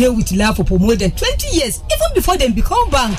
dey with Lafopo more than twenty years, even before they become bank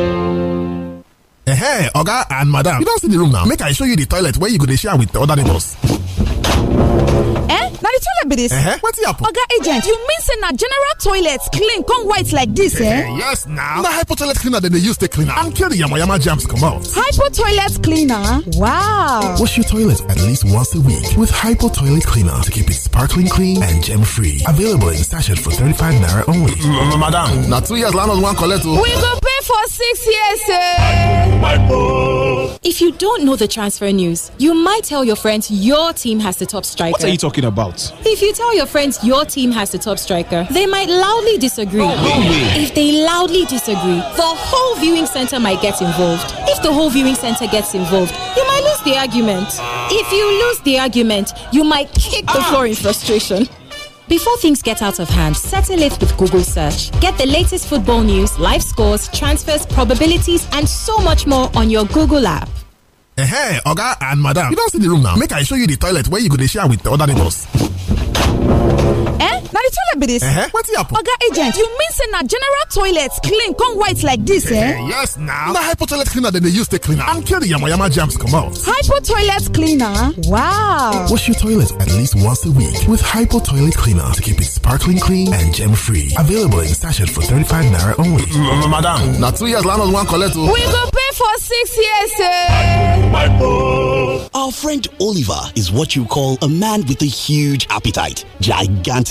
Hey, Oga and Madam, you don see the room now. Make I show you the toilet where you go dey share with other neighbors. na the toilet be happen. oga agent you mean say na general toilet clean come white like this, eh yes now. na hypo toilet cleaner than they use cleaner. clean am and kill the yamayama come out. hypo toilet cleaner wow wash your toilet at least once a week with hypo toilet cleaner to keep it sparkling clean and gem free available in sachet for 35 naira only madam now two years land wan one coletto. we go pay for six years eh if you don't know the transfer news you might tell your friends your team has the top striker what are you talking about if you tell your friends your team has the top striker, they might loudly disagree. Oh, if they loudly disagree, the whole viewing center might get involved. If the whole viewing center gets involved, you might lose the argument. If you lose the argument, you might kick the floor in frustration. Before things get out of hand, settle it with Google Search. Get the latest football news, live scores, transfers, probabilities, and so much more on your Google app. Hey, Oga and Madam, you don't see the room now. Make I show you the toilet where you go dey share with the other neighbors. eh now the toilet be dis uh-huh. wetin happen. oga agent you mean say na general toilet clean come white like this, eh, eh? yes na na hypo toilet cleaner than they use to clean am and kill the yamayama come out. hypo toilet cleaner wow wash your toilet at least once a week with hypo toilet cleaner to keep it sparkling clean and gem free available in sachet for 35 naira only madam now two years land wan one o we go pay for six years eh our friend oliver is what you call a man with a huge appetite gigantic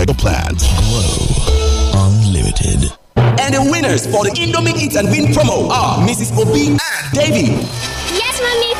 mega plans. Glow Unlimited. And the winners for the Indomie Eat and Win promo are Mrs. Obi and Davy. Yes, mommy.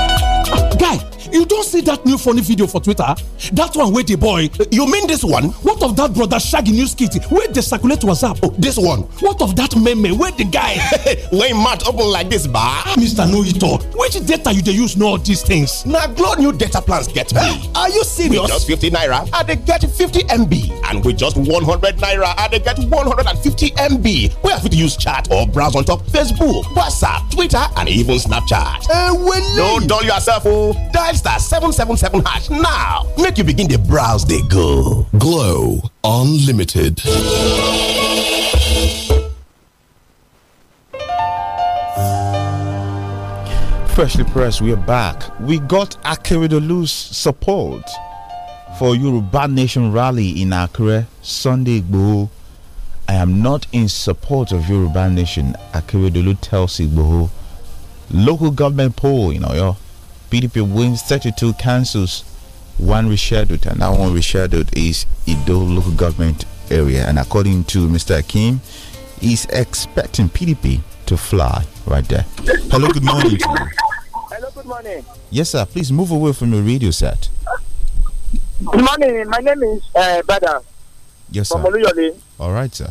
You don't see that new funny video for Twitter? That one with the boy. You mean this one? What of that brother Shaggy News Kitty? Where they circulate WhatsApp? Oh, this one. What of that meme? Where the guy? when mouth open like this, ba? Mr. No Ito, which data you they use know all these things? Now, Glow new data plans get me. Are you serious? With just 50 naira, I they get 50 MB. And with just 100 naira, I they get 150 MB. Where have you used use chat or browse on top Facebook, WhatsApp, Twitter, and even Snapchat? Uh, well, no, dull yourself, oh. Dial star 777 hash now make you begin the browse they go. Glow Unlimited. Freshly pressed, we're back. We got Akeredolu's support for Yoruba Nation rally in Akure Sunday. Boo, I am not in support of Yoruba Nation. Akeredolu tells boo. local government poll in Oyo PDP wins 32 councils, one rescheduled, and that one rescheduled is Ido local government area. And according to Mr. Akim, he's expecting PDP to fly right there. Hello, good morning. Hello, good morning. Yes, sir. Please move away from your radio set. Good morning. My name is uh, Bada. Yes, sir. From Oluyole. All right, sir.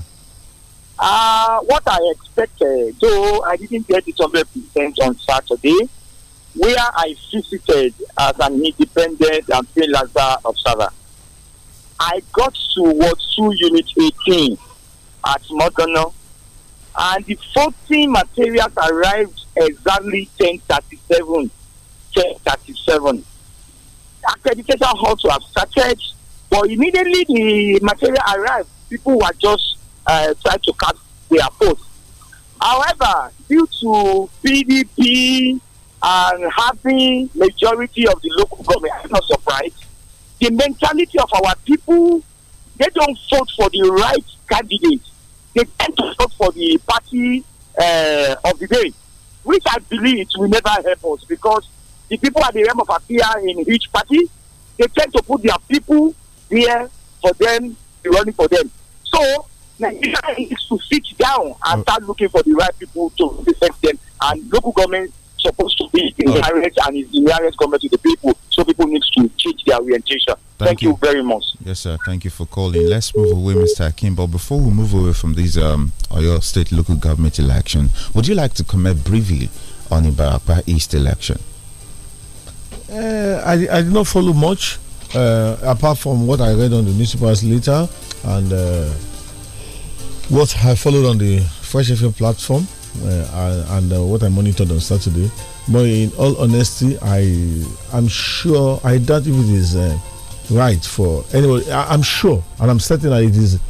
Uh, what I expected, though I didn't get it 100% on Saturday, where I visited as an independent and freelancer observer. I got to two Unit 18 at Mogono, and the 14 materials arrived exactly 1037. 1037. Accreditation hall to have started, but immediately the material arrived, people were just uh, trying to cut their posts. However, due to PDP and having majority of the local government, I'm not surprised. The mentality of our people, they don't vote for the right candidate. They tend to vote for the party uh, of the day, which I believe will never help us because the people at the realm of affairs in each party, they tend to put their people there for them, running for them. So Nigeria needs to sit down and mm. start looking for the right people to represent them, and local government supposed to be in the direct and is in direct comment to the people. So people need to change their orientation. Thank, Thank you. you. very much. Yes, sir. Thank you for calling. Let's move away, Mr. Akin. But before we move away from these um, your State local government election, would you like to comment briefly on Ibarapa East election? Uh, I, I did not follow much, uh, apart from what I read on the newspapers later and uh, what I followed on the Fresh FM platform uh, and uh, what I monitored on Saturday. But in all honesty, I am sure I doubt if it is uh, right for anybody. I, am sure and I'm certain that it is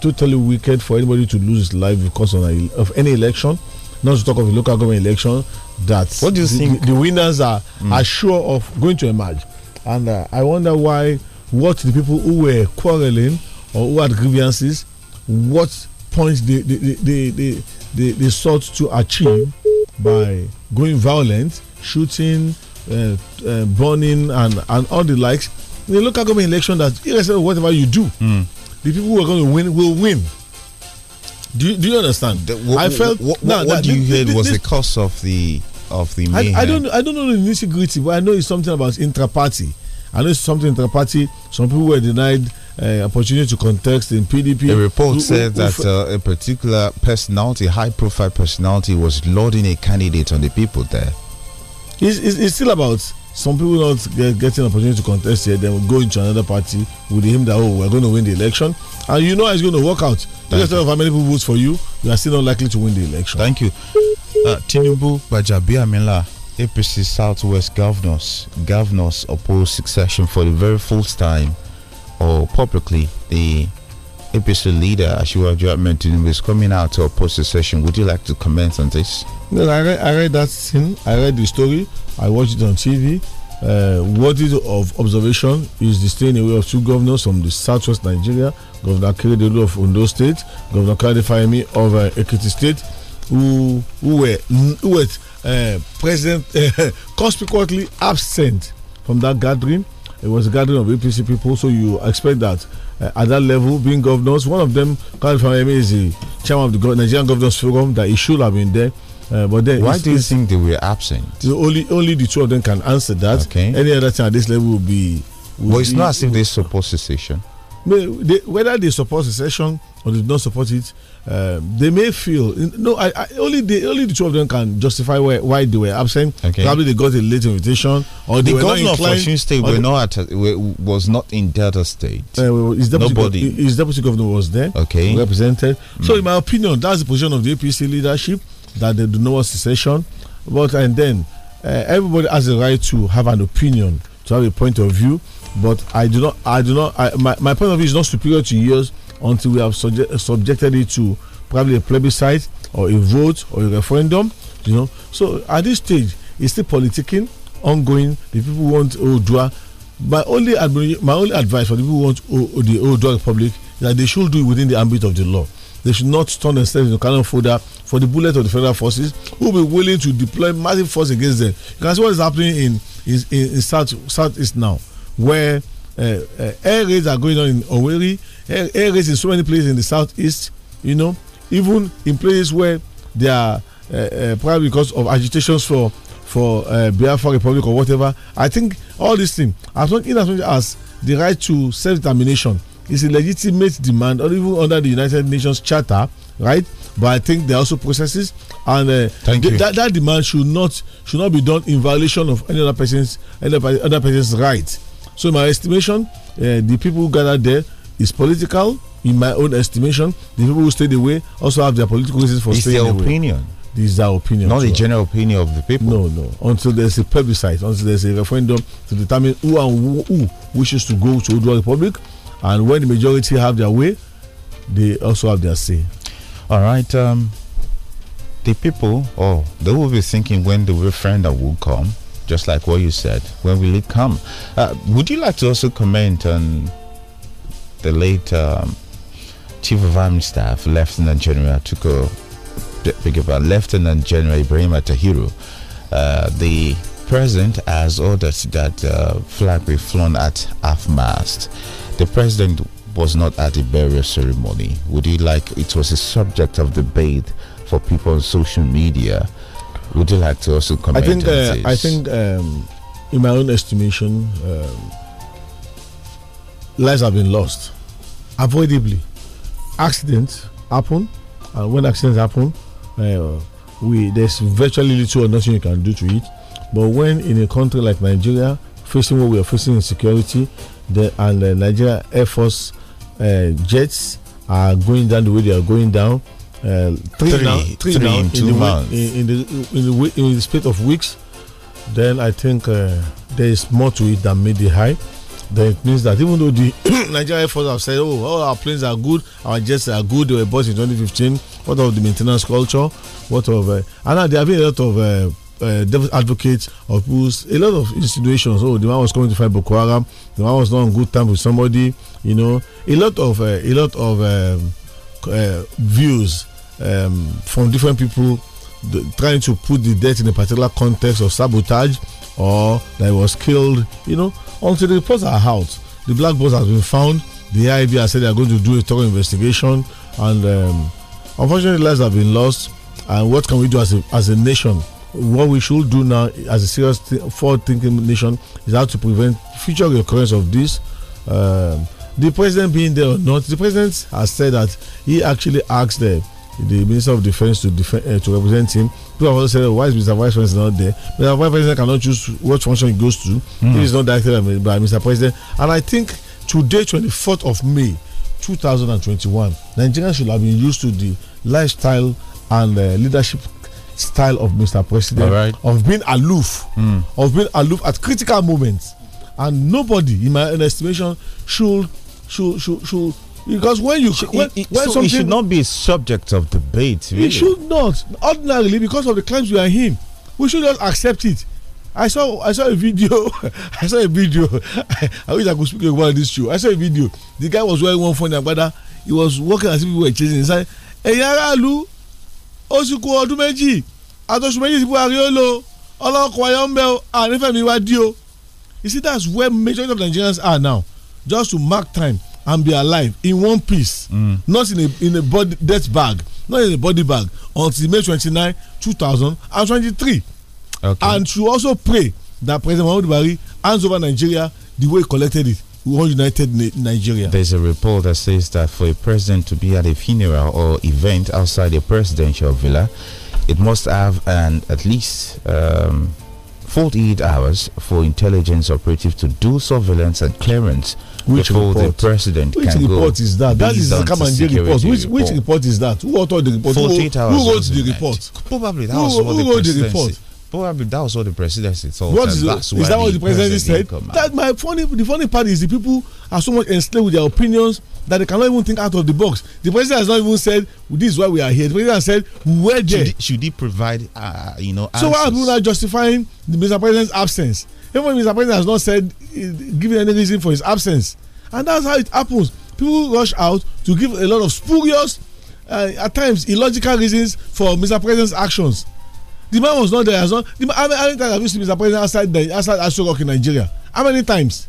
totally wicked for anybody to lose his life because of, a, of any election. Not to talk of a local government election. That what do you the, think? The winners are mm. are sure of going to emerge, and uh, I wonder why what the people who were quarreling or who had grievances, what points they they, they, they, they they, they sought to achieve by going violent, shooting, uh, uh, burning, and, and all the likes. In the local government election, that irrespective of whatever you do, mm. the people who are going to win will win. Do you, do you understand? The, what, I felt. What, what, nah, what do you this, heard this, was this, the cause of the of the mayhem? I, I don't I don't know the nitty gritty, but I know it's something about intra party. I know it's something intra party. Some people were denied uh, opportunity to contest in PDP. A report said that uh, a particular personality, high profile personality, was loading a candidate on the people there. It's, it's, it's still about some people not get, getting opportunity to contest here, then will go into another party with him that, oh, we're going to win the election. And you know it's going to work out. Because of how many people vote for you, you are still not likely to win the election. Thank you. Uh, Tinubu Bajabi Amila. APC Southwest governors governors oppose succession for the very first time or publicly the APC leader Ashiwaju Tinubu is coming out to oppose the session. Would you like to comment on this? No, I read, I read that scene. I read the story. I watched it on TV. Uh, worthy of observation is the staying away of two governors from the southwest Nigeria, Governor Keredolu of Ondo State, Governor Kade Fahimi of uh, Ekiti State, who, who were, who were uh, present, uh, conspicuously absent from that gathering it was a gathering of APC people, so you expect that uh, at that level, being governors, one of them, Khalid Fahmi, is the chairman of the Go Nigerian Governors Forum, that he should have been there. Uh, but then, why do you think they were absent? Only, only the two of them can answer that. Okay. Any other thing at this level will be. Will but it's be, not as if they support secession may, they, whether they support secession or they do not support it, um, they may feel no. I, I, only the only the two of them can justify why, why they were absent. Okay. Probably they got a late invitation, or the governor of Washington State were not at, were, was not in Delta State. Uh, his deputy, Nobody, his deputy governor was there. Okay, represented. So, hmm. in my opinion, that's the position of the APC leadership that they do not want secession. But and then uh, everybody has a right to have an opinion, to have a point of view. But I do not, I do not, I, my, my point of view is not superior to yours until we have uh, subjected it to probably a plebiscite or a vote or a referendum, you know. So at this stage, it's still politicking, ongoing. The people want Odua. My only, my only advice for the people who want the Odua Republic is that they should do it within the ambit of the law they should not turn themselves into cannon fodder for the bullet of the federal forces who will be willing to deploy massive force against them. Because what is happening in in, in South east now where uh, uh, air raids are going on in Oweri, air, air raids in so many places in the southeast, you know, even in places where they are uh, uh probably because of agitations for for uh, Biafra Republic or whatever. I think all these things, as long in as much as the right to self determination is a legitimate demand, or even under the United Nations Charter, right? But I think there are also processes, and uh, th that that demand should not should not be done in violation of any other person's any other person's rights. So, in my estimation, uh, the people gathered there is political. In my own estimation, the people who stayed away also have their political reasons for it's staying their away. opinion. This is our opinion. Not the general opinion of the people. No, no. Until there's a plebiscite, until there's a referendum to determine who and who, who wishes to go to the Republic, and when the majority have their way, they also have their say. All right. Um, the people, oh, they will be thinking when the referendum will come just like what you said. When will it come? Uh, would you like to also comment on the late um, Chief of Army Staff, Lieutenant General Tuko, Lieutenant General Ibrahim Atahiru? Uh, the president has ordered that uh, flag be flown at half mast. The president was not at the burial ceremony. Would you like? It was a subject of debate for people on social media. Would you like to also comment? I think. Uh, I think, um, in my own estimation, um, lives have been lost, avoidably. Accidents happen, and when accidents happen, uh, we there's virtually little or nothing you can do to it. But when in a country like Nigeria, facing what we are facing in security, the, and the Nigeria Air Force uh, jets are going down the way they are going down, Eh, three, three, now, three, three now in, two in months. The, in, in, the, in, the, in the of weeks, then I think uh, there is more to it than made the high. Then it means that even though the Nigerian Air Force have said, oh, all our planes are good, our jets are good, they were bought in 2015. What of the maintenance culture? What of. Uh, and there have been a lot of uh, uh, advocates of who's a lot of situations. Oh, the man was coming to fight Boko Haram, the man was not on good terms with somebody, you know. A lot of. Uh, a lot of um, uh, views um, from different people trying to put the death in a particular context of sabotage or that was killed, you know, until the reports are out. The black box has been found. The IB has said they are going to do a thorough investigation, and um, unfortunately, lives have been lost. And what can we do as a, as a nation? What we should do now, as a serious, th forward thinking nation, is how to prevent future recurrence of this. Um, the president being there or not, the president has said that he actually asked the, eh, the Minister of Defense to uh, to represent him. People have also said, why is Mr. Vice President not there? Mr. Vice President cannot choose what function he goes to. Mm. He is not directed by Mr. President. And I think today, 24th of May, 2021, Nigerians should have been used to the lifestyle and uh, leadership style of Mr. President right. of being aloof, mm. of being aloof at critical moments. And nobody, in my estimation, should should should should because when you should, when, it, when so something it should not be a subject of debate. Really. It should not ordinarily because of the claims you are him. We should not accept it. I saw I saw a video. I saw a video. I, wish I could speak about this show. I saw a video. The guy was wearing one phone and brother. He was walking as if we were chasing. He said, "Ẹ̀yin aráàlú, ó sì kú ọdún méjì, àtọ̀sùn méjì sí Buhari ó lò, ọlọ́kùnrin ayọ̀ ń bẹ o, si ku odun meji si buhari o lo olokunrin o anifemi wa o." You see, that's where majority of Nigerians are now just to mark time and be alive in one piece mm. not in a in a body death bag not in a body bag until may twenty-nine two thousand and twenty-three okay. and to also pray that president muhammadu buhari hands over nigeria the way he collected it one united nigeria. there's a report that says that for a president to be at a funeral or event outside a presidential villa it must have an at least. Um, 48 hours for intelligence operatives to do surveillance and clearance which before report? the president which can report go. Which report is that? That is the Kamanje report. Which, report. which report is that? Who authored the report? 48 who, hours. Who wrote the report? Probably that who, was who, what who the wrote the report? Probably that was what the presidency thought. What is, that's is that what the president said? That my funny, the funny part is the people are so much enslaved with their opinions that they cannot even think out of the box. The president has not even said this is why we are here. The president said we're there. Should he, should he provide, uh, you know? Answers? So why are we not justifying the Mr. President's absence? Even Mr. President has not said eh, given any reason for his absence, and that's how it happens. People rush out to give a lot of spurious, uh, at times illogical reasons for Mr. President's actions. The man was not there. Has not, the man, how many times have you seen Mr. President outside the outside Astro Rock in Nigeria? How many times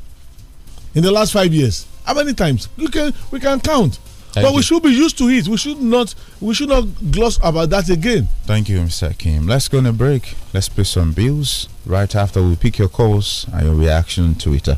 in the last five years? How many times? we can we can count. Thank but you. we should be used to it. We should not we should not gloss about that again. Thank you, Mr. Kim. Let's go on a break. Let's pay some bills. Right after we pick your calls and your reaction on Twitter.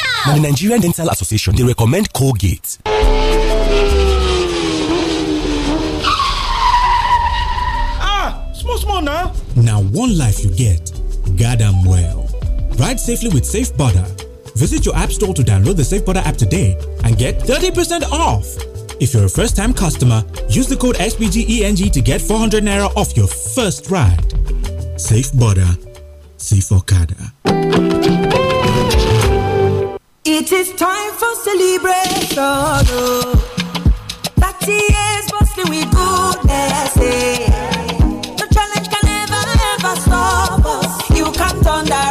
now, the Nigerian Dental Association, they recommend Colgate. Ah, small, small now. Now, one life you get, goddamn well. Ride safely with Safe Butter. Visit your app store to download the Safe Butter app today and get 30% off. If you're a first time customer, use the code SBGENG to get 400 Naira off your first ride. Safe Butter, Safe Okada. It is time for celebration. Oh. 30 years bustling with goodness. Eh? The challenge can never ever stop us. You can't turn that.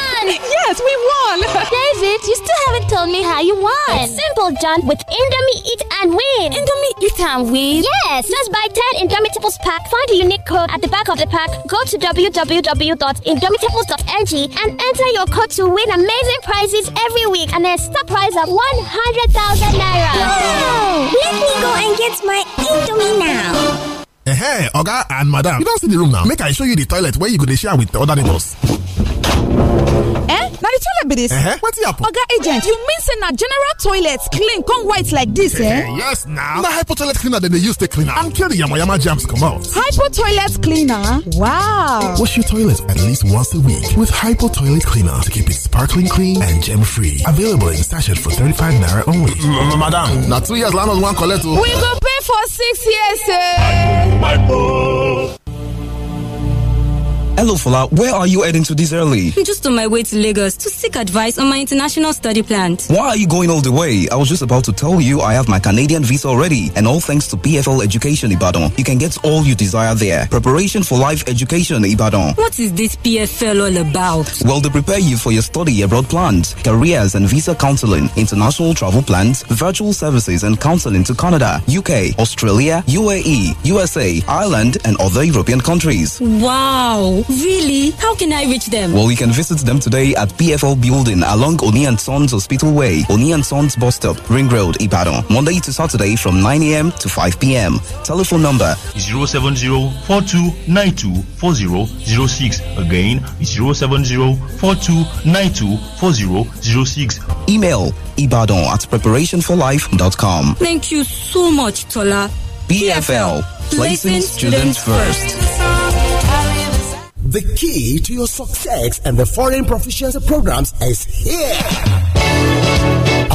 won! Yes, we won! David, you still haven't told me how you won. It's simple, John. With Indomie Eat and Win. Indomie Eat and Win? Yes! Just buy 10 Indomitables pack, find the unique code at the back of the pack, go to www.indomitables.ng and enter your code to win amazing prizes every week and a star prize of 100,000 Naira. Wow! Let me go and get my Indomie now. Hey, Oga and Madam, you don't see the room now. Make I show you the toilet where you could share with the other neighbors eh now the toilet be dis uh-huh. wetin happen. oga agent you mean say na general toilets clean come white like this, eh, eh? yes na na hypo toilet cleaner than they use take clean am and kill the yamayama jams come out. hypo toilet cleaner wow wash your toilet at least once a week with hypo toilet cleaner to keep it sparkling clean and germ free available in sachet for 35 naira only madam now two years land wan one o oh. we go pay for six years eh Hello, Fola. Where are you heading to this early? I'm just on my way to Lagos to seek advice on my international study plan. Why are you going all the way? I was just about to tell you I have my Canadian visa already, and all thanks to PFL Education Ibadan. You can get all you desire there. Preparation for life education Ibadan. What is this PFL all about? Well, they prepare you for your study abroad plans, careers and visa counseling, international travel plans, virtual services and counseling to Canada, UK, Australia, UAE, USA, Ireland, and other European countries. Wow! Really? How can I reach them? Well, you can visit them today at PFL Building along Oni and Sons Hospital Way, Oni and Sons Bus Stop, Ring Road, Ibadan. Monday to Saturday from 9 a.m. to 5 p.m. Telephone number is 070-4292-4006. Again, it's 070-4292-4006. Email ibadan at preparationforlife.com. Thank you so much, Tola. BFL, placing students first. The key to your success and the foreign proficiency programs is here.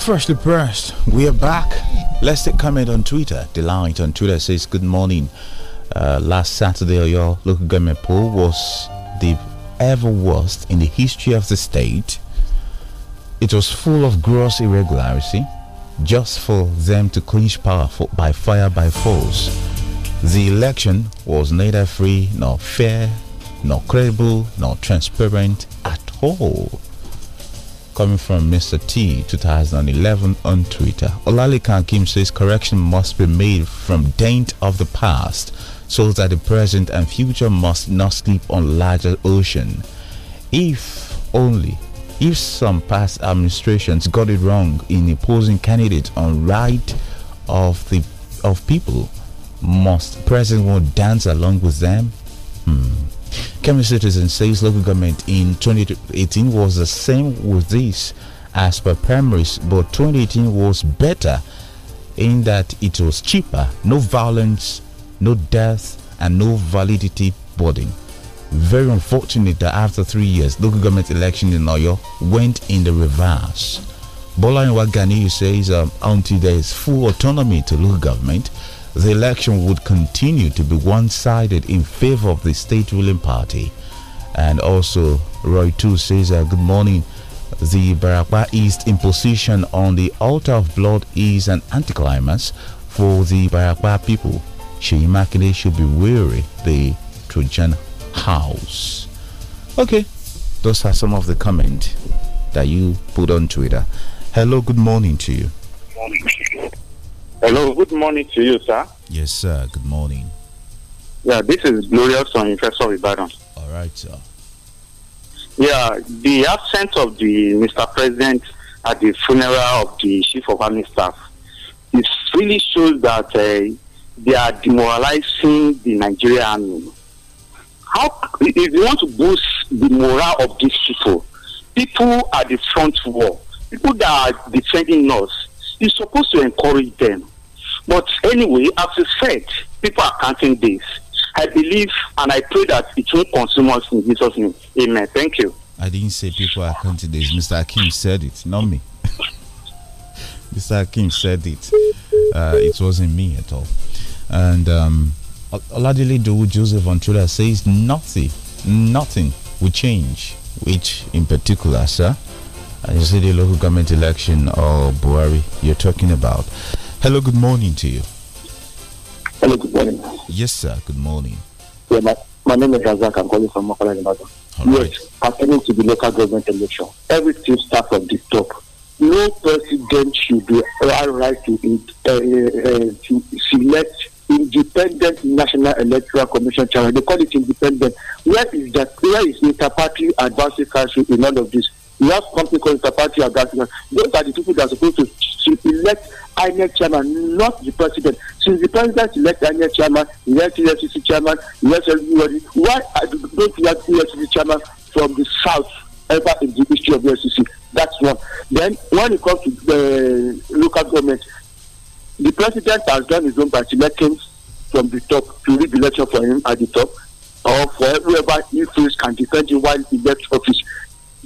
Firstly, first, we are back. Let's take comment on Twitter. Delight on Twitter says, Good morning. Uh, last Saturday, your local government poll was the ever worst in the history of the state. It was full of gross irregularity, just for them to clinch power for, by fire by force. The election was neither free nor fair, nor credible, nor transparent at all coming from Mr. T 2011 on Twitter. Olalekan Kim says correction must be made from daint of the past so that the present and future must not sleep on larger ocean. If only if some past administrations got it wrong in imposing candidates on right of the of people, must present one dance along with them? Hmm. Kemi Citizen says local government in 2018 was the same with this as per primaries, but 2018 was better in that it was cheaper, no violence, no death, and no validity boarding. Very unfortunate that after three years, local government election in Oyo went in the reverse. Bola Nwagani says um, until there is full autonomy to local government, the election would continue to be one sided in favor of the state ruling party. And also, Roy too says, uh, Good morning. The Barakwa East imposition on the altar of blood is an anticlimax for the Barakwa people. Sheyi should be weary the Trojan house. Okay, those are some of the comments that you put on Twitter. Hello, good morning to you. Morning. Hello, good morning to you, sir. Yes, sir. Good morning. Yeah, this is Glorious on Professor Ibadan. All right, sir. Yeah, the absence of the Mr. President at the funeral of the Chief of Army Staff it really shows that uh, they are demoralizing the Nigerian army. How if you want to boost the morale of these people? People at the front war, people that are defending us, is supposed to encourage them. But anyway, as you said, people are counting this. I believe and I pray that it will consume us in Jesus' name. Amen. Thank you. I didn't say people are counting this. Mr. Akim said it, not me. Mr. Akim said it. Uh, it wasn't me at all. And um, Oladile Joseph on Twitter says nothing, nothing will change, which in particular, sir, you see the local government election or Buhari you're talking about. Hello, good morning to you. Hello, good morning. Yes, sir, good morning. Yeah, my, my name is Razak. I'm calling from Makola, Nevada. Right. Yes, pertaining to the local government election, everything starts from the top. No president should be right, to, uh, uh, uh, to select independent national electoral commission chairman. They call it independent. Where is that? Where is interparty advisory council in all of this? We have company called Tapati Agassi. Those are the people that are supposed to, to elect INEC chairman, not the president. Since the president elect INEC chairman, elect EFCC chairman, elect everybody, why don't we elect EFCC chairman from the south ever in the history of the That's one. Then when it comes to the uh, local government, the president has done his own by selecting from the top to lead the election for him at the top or for whoever he feels can defend him while he left office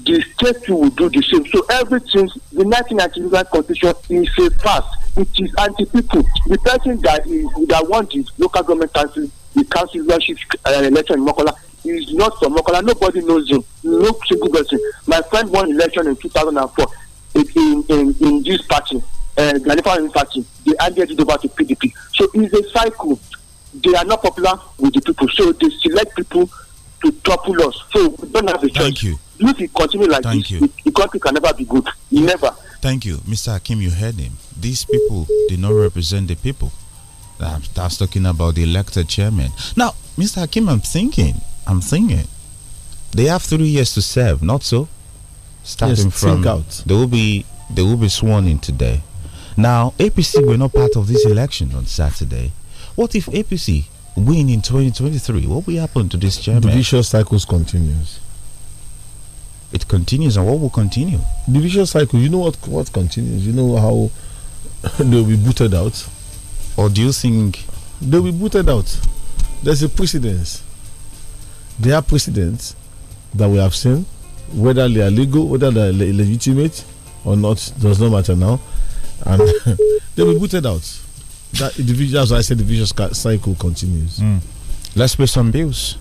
the state will do the same. So everything, the 1999 constitution is a pass. It is anti-people. The person that is that wants the local government council, the council leadership uh, election in Mokola is not from Mokola. Nobody knows him. No single person. My friend won election in 2004 in in, in this party, uh, Ghanifa party. They handed it over to PDP. So it's a cycle. They are not popular with the people, so they select people to topple us. So we don't have a choice. Thank you. If like Thank this, you. the country can never be good. Never. Thank you, Mr. Hakim. You heard him. These people do not represent the people. That's talking about the elected chairman. Now, Mr. Hakim, I'm thinking. I'm thinking. They have three years to serve, not so. Starting yes, from out. they will be they will be sworn in today. Now, APC were not part of this election on Saturday. What if APC win in 2023, what will happen to this chairman? The vicious cycles continues. It continues, and what will continue? The vicious cycle. You know what what continues. You know how they'll be booted out. Or do you think they'll be booted out? There's a precedence. There are precedents that we have seen, whether they are legal, whether they are legitimate or not, does not matter now. And they'll be booted out that, that's why I said the vicious cycle continues. Mm. Let's pay some bills.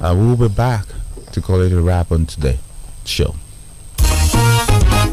I will be back to call it a wrap on today show.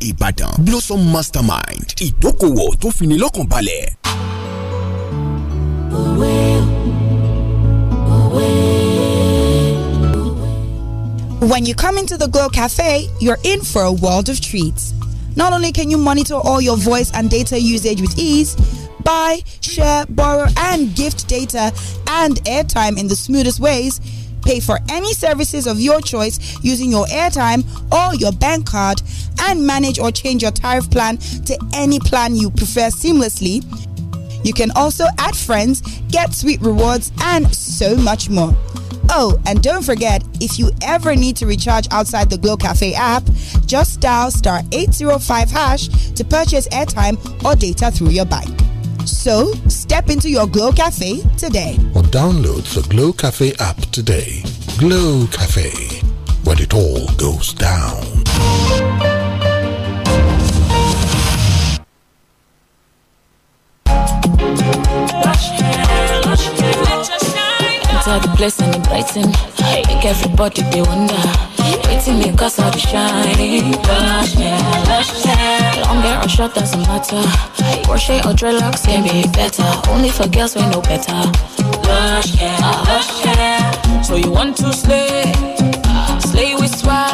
ìbàdàn blossom mastermind ìdókòwò tó fini lọ́kàn balẹ̀. When you come into the Glow Cafe, you're in for a world of treats. Not only can you monitor all your voice and data usage with ease, buy, share, borrow, and gift data and airtime in the smoothest ways pay for any services of your choice using your airtime or your bank card and manage or change your tariff plan to any plan you prefer seamlessly. You can also add friends, get sweet rewards, and so much more. Oh, and don't forget, if you ever need to recharge outside the Glow Cafe app, just dial star 805 hash to purchase airtime or data through your bike. So, step into your Glow Cafe today. Or download the Glow Cafe app today. Glow Cafe, where it all goes down enter the place and it brighten. Make everybody they wonder. Waiting me cause I shine. Lush, yeah, lush, yeah. Long hair or short doesn't matter. Crochet or dreadlocks can be better. Only for girls we know better. Lush, hair, lush, hair. So you want to slay? Slay with swag.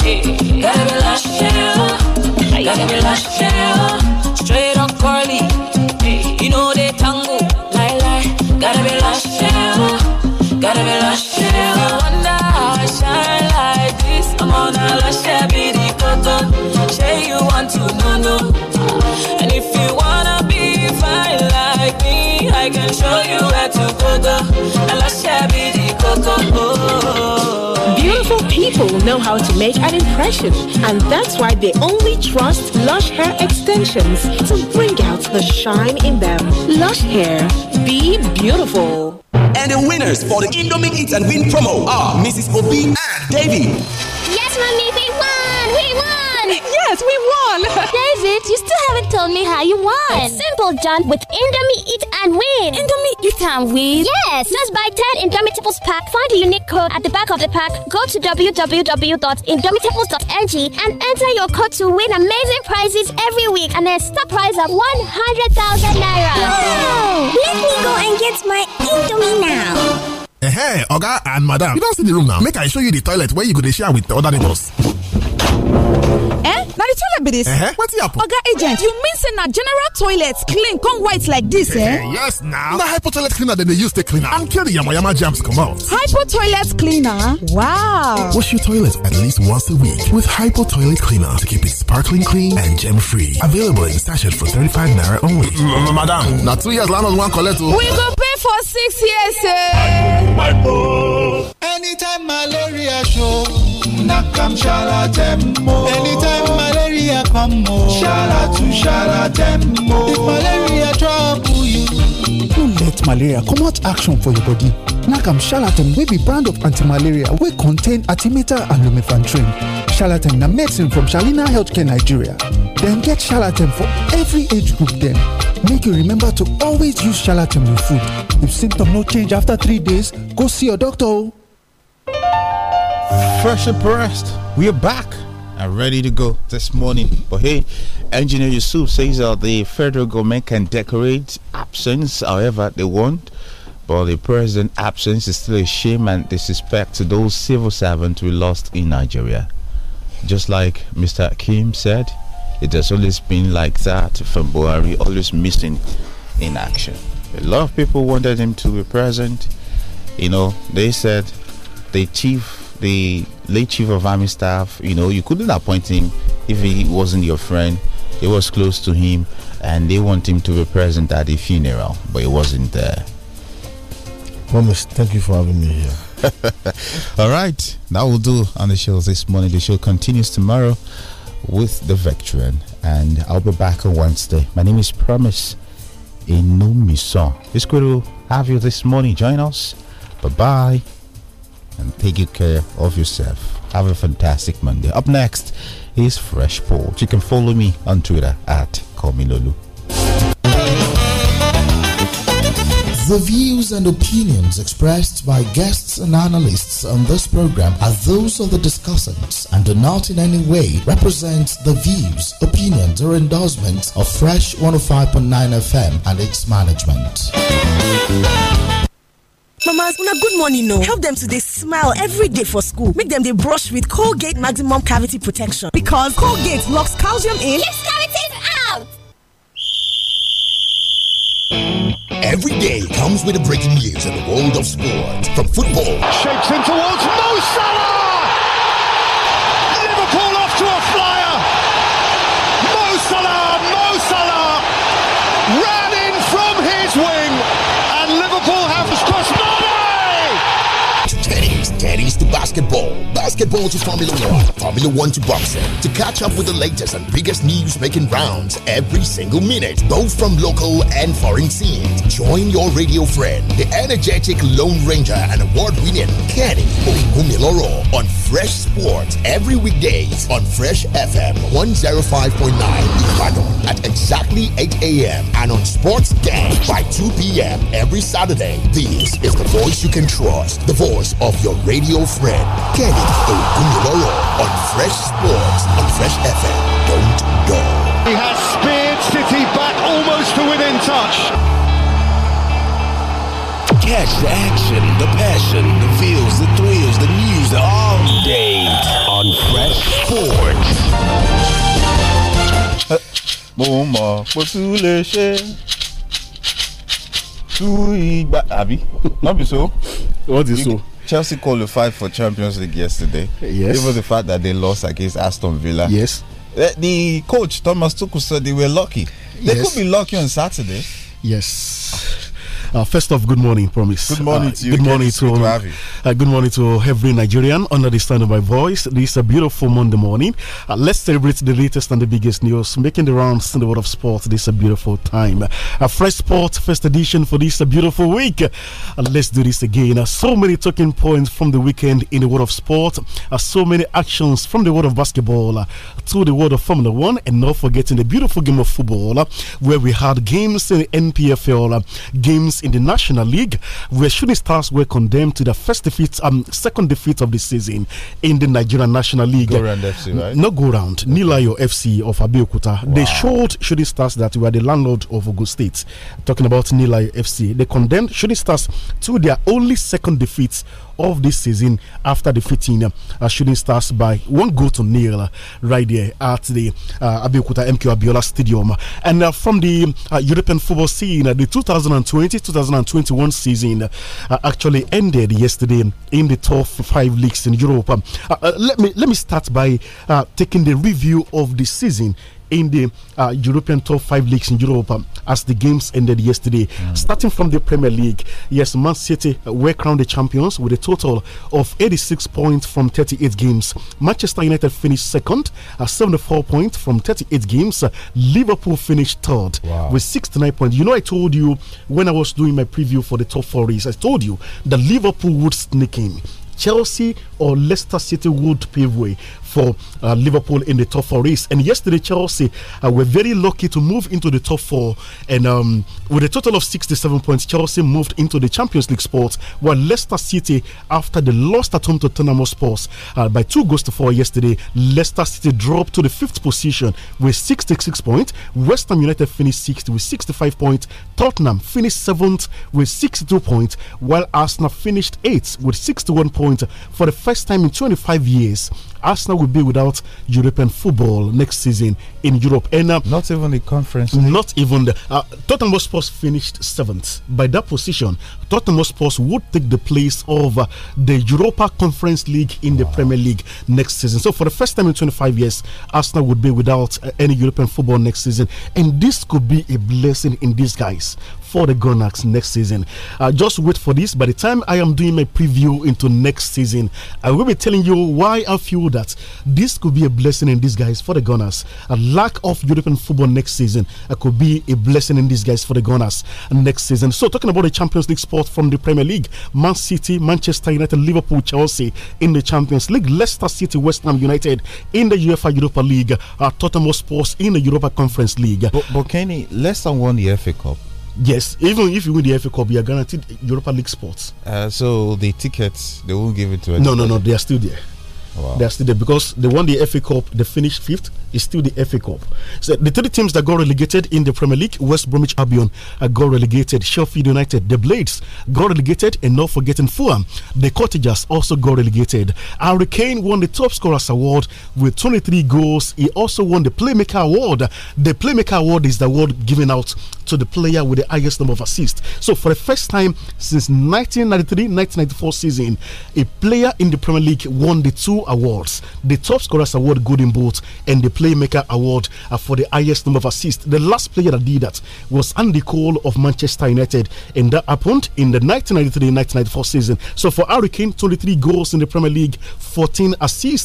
Gotta be lush, hair. Gotta be lush, hair. Straight or curly. You know they tango. Lie, lie. Gotta be people know how to make an impression, and that's why they only trust Lush Hair Extensions to bring out the shine in them. Lush Hair, be beautiful. And the winners for the Indomie Eat and Win promo are Mrs. Obi and Davy. Yes, mommy, we won! David, you still haven't told me how you won. It's simple, John. With Indomie Eat and Win. Indomie Eat and Win? Yes! Just buy 10 Indomie Tipples pack, find the unique code at the back of the pack, go to www.indomitables.ng and enter your code to win amazing prizes every week and a stock prize of 100,000 Naira. Wow! Let me go and get my Indomie now. Hey, oga and madam you don't see the room now make i show you the toilet where you could share with the other neighbors eh Now the toilet be dis uh-huh. What's wetin happen. oga agent you mean say na general toilets clean come white like this, uh-huh. eh yes na The hypo toilet cleaner than they use to clean am and kill the yamayama come out. hypo toilet cleaner wow wash your toilet at least once a week with hypo toilet cleaner to keep it sparkling clean and germ free available in sachet for 35 naira only madam now two years land wan one coletto. we go pay for six years eh Hypo, hypo. anytime malaria show Knock em, shala them Anytime malaria come more. Oh. Shala to shala them more. If malaria trouble you. No let malaria comot action for your body. Nakam em, shalatem wey be brand of anti-malaria wey contain artimata and lumefantrine. Shalatem na medicine from Shalina Healthcare Nigeria. Dem get shalatem for every age group dem. make you remember to always use charlatan with food if symptoms no change after three days go see your doctor oh. Fresh and pressed, we are back and ready to go this morning. But hey, Engineer Yusuf says that the federal government can decorate absence however they want, but the president absence is still a shame and disrespect to those civil servants we lost in Nigeria. Just like Mr. Kim said, it has always been like that from Buhari, always missing in action. A lot of people wanted him to be present. You know, they said the chief the late chief of army staff, you know, you couldn't appoint him if he wasn't your friend. He was close to him, and they want him to be present at the funeral, but he wasn't there. Promise, thank you for having me here. All right, that will do on the show this morning. The show continues tomorrow with the veteran, and I'll be back on Wednesday. My name is Promise Inumison. It's good to have you this morning. Join us. Bye bye and take good care of yourself. Have a fantastic Monday. Up next is Fresh Port. You can follow me on Twitter at Komilolu. The views and opinions expressed by guests and analysts on this program are those of the discussants and do not in any way represent the views, opinions, or endorsements of Fresh 105.9 FM and its management. Mamas, una good morning no. Help them to they smile every day for school. Make them they brush with Colgate Maximum Cavity Protection because Colgate locks calcium in. Keeps cavities out. Every day comes with a breaking news in the world of sports. From football, shapes in towards Mo Salah. BOM! basketball to Formula One, Formula One to boxing, to catch up with the latest and biggest news making rounds every single minute, both from local and foreign scenes. Join your radio friend, the energetic Lone Ranger and award-winning Kenny O'Kumiloro, on Fresh Sports every weekdays on Fresh FM 105.9 Ibadan at exactly 8 a.m. and on Sports Day by 2 p.m. every Saturday. This is the voice you can trust, the voice of your radio friend, Kenny on Fresh Sports on Fresh FM. Don't go. He has speared City back almost to within touch. Catch the action, the passion, the feels, the thrills, the news all day on Fresh Sports. mo mọ̀ pé lè ṣe tú ìgbà àbí not be so. what is so. Chelsea qualified for Champions League yesterday. Yes. Even the fact that they lost against Aston Villa. Yes. Eh, the coach Thomas Tuchel said they were lucky. They yes. could be lucky on Saturday. Yes. Uh, first off, good morning, promise. Good morning uh, to you. Good morning to, to uh, good morning to every Nigerian under the sound of my voice. This is a beautiful Monday morning. Uh, let's celebrate the latest and the biggest news making the rounds in the world of sports. This is a beautiful time. A fresh sport first edition for this beautiful week. let's do this again. so many talking points from the weekend in the world of sport. so many actions from the world of basketball to the world of Formula One, and not forgetting the beautiful game of football where we had games in the NPFL, games in the National League, where Shooting Stars were condemned to the first defeat, um, second defeat of the season in the Nigerian National League. Go round FC, right? No go round. Okay. Nilayo FC of Abeokuta. Wow. They showed Shooting Stars that we are the landlord of Ogo State. Talking about Nilayo FC, they condemned Shooting Stars to their only second defeat of this season after defeating uh, Shooting Stars by one goal to nil uh, right there at the uh, Abeokuta MQ Abiola Stadium. And uh, from the uh, European football scene, uh, the 2020 2021 season uh, actually ended yesterday in the top five leagues in Europe. Uh, uh, let me let me start by taking the review of the season in the uh, European top five leagues in Europe um, as the games ended yesterday. Mm. Starting from the Premier League, yes, Man City uh, were crowned the champions with a total of 86 points from 38 games. Manchester United finished second at uh, 74 points from 38 games. Uh, Liverpool finished third wow. with 69 points. You know, I told you when I was doing my preview for the top four race, I told you that Liverpool would sneak in. Chelsea or Leicester City would pave way for uh, Liverpool in the top four race. And yesterday, Chelsea uh, were very lucky to move into the top four. And um, with a total of 67 points, Chelsea moved into the Champions League spot, while Leicester City, after the loss at home to Tottenham Sports uh, by two goals to four yesterday, Leicester City dropped to the fifth position with 66 points. West Ham United finished sixth with 65 points. Tottenham finished seventh with 62 points, while Arsenal finished eighth with 61 points for the first time in 25 years. Arsenal will be without European football next season in Europe. And uh, not even the conference. Not even the uh, Tottenham Sports finished seventh. By that position, Tottenham Sports would take the place of uh, the Europa Conference League in wow. the Premier League next season. So for the first time in 25 years, Arsenal would be without uh, any European football next season, and this could be a blessing in disguise for the Gunners next season. Uh, just wait for this. By the time I am doing my preview into next season, I will be telling you why I feel that this could be a blessing in disguise for the Gunners. A lack of European football next season uh, could be a blessing in disguise for the Gunners next season. So, talking about the Champions League spot from the Premier League, Man City, Manchester United, Liverpool, Chelsea in the Champions League, Leicester City, West Ham United in the UEFA Europa League, uh, Tottenham Sports in the Europa Conference League. But, but Kenny, Leicester won the FA Cup. Yes, even if you win the FA Cup, you are guaranteed Europa League spots. Uh, so the tickets, they won't give it to. us. No, no, no, they are still there. Wow. They are still there because they won the FA Cup. They finished fifth. It's still the FA Cup. So the three teams that got relegated in the Premier League: West Bromwich Albion uh, got relegated, Sheffield United, the Blades got relegated, and not forgetting Fulham, the Cottagers also got relegated. Harry Kane won the top scorers award with 23 goals. He also won the Playmaker Award. The Playmaker Award is the award given out to the player with the highest number of assists. So for the first time since 1993-1994 season, a player in the Premier League won the two two awards the Top Scorers Award Golden Boot and the Playmaker Award are for the highest number of assists. The last player that did that was Andy Cole of Manchester United, and that happened in the 1993 1994 season. So for Hurricane, 23 goals in the Premier League, 14 assists.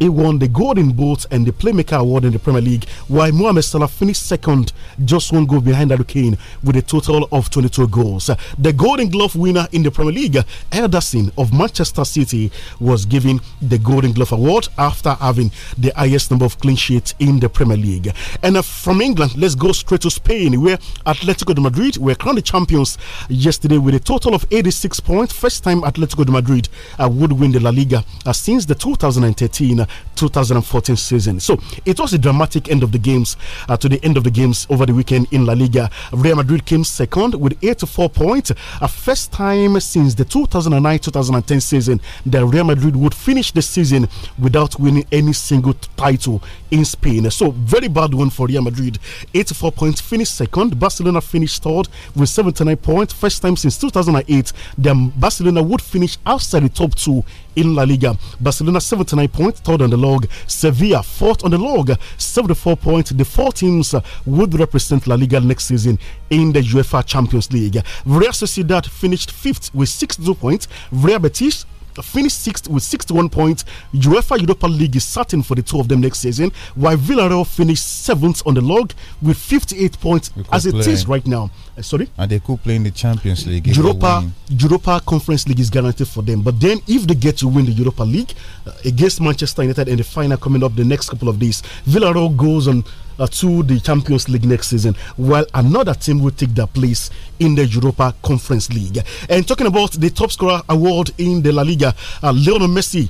He won the Golden Boot and the Playmaker Award in the Premier League, while Mohamed Salah finished second, just one goal behind Harry Kane, with a total of 22 goals. The Golden Glove winner in the Premier League, Ederson of Manchester City, was given the Golden Glove Award after having the highest number of clean sheets in the Premier League. And uh, from England, let's go straight to Spain, where Atletico de Madrid were crowned the champions yesterday with a total of 86 points. First time Atletico de Madrid uh, would win the La Liga uh, since the 2013 2014 season. So it was a dramatic end of the games uh, to the end of the games over the weekend in La Liga. Real Madrid came second with 84 points, a first time since the 2009-2010 season that Real Madrid would finish the season without winning any single title in Spain. So very bad one for Real Madrid. 84 points, finished second. Barcelona finished third with 79 points. First time since 2008, then Barcelona would finish outside the top two in La Liga. Barcelona 79 points, third on the log. Sevilla fourth on the log, 74 points. The four teams would represent La Liga next season in the UEFA Champions League. Real Sociedad finished fifth with 62 points. Real Betis finished sixth with 61 points. UEFA Europa League is certain for the two of them next season, while Villarreal finished seventh on the log with 58 points as it play. is right now. Uh, sorry? And they could play in the Champions League. Europa, Europa Conference League is guaranteed for them. But then if they get to win the Europa League, uh, against Manchester United in the final coming up the next couple of days. Villarreal goes on uh, to the Champions League next season, while another team will take their place in the Europa Conference League. And talking about the top scorer award in the La Liga, uh, Lionel Messi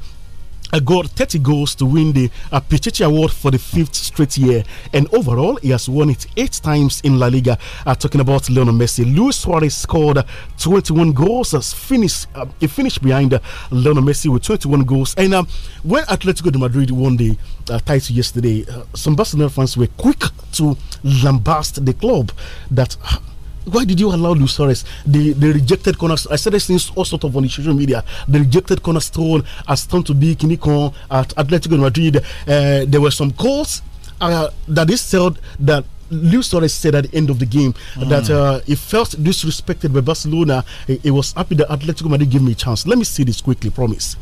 got 30 goals to win the uh, Pichichi Award for the fifth straight year. And overall, he has won it eight times in La Liga. Uh, talking about Lionel Messi, Luis Suarez scored 21 goals. Has finished, uh, he finished behind uh, Lionel Messi with 21 goals. And um, when Atletico de Madrid won the uh, title yesterday, uh, some Barcelona fans were quick to lambast the club that why did you allow Luis Suarez? They, the rejected cornerstone. I said this since all sorts of on social media. They rejected cornerstone as turned to be Kinikon at Atletico Madrid. Uh, there were some calls uh, that they said that Luis Suarez said at the end of the game mm. that hmm. uh, he felt disrespected by Barcelona. He, he, was happy that Atletico Madrid gave me a chance. Let me see this quickly, promise.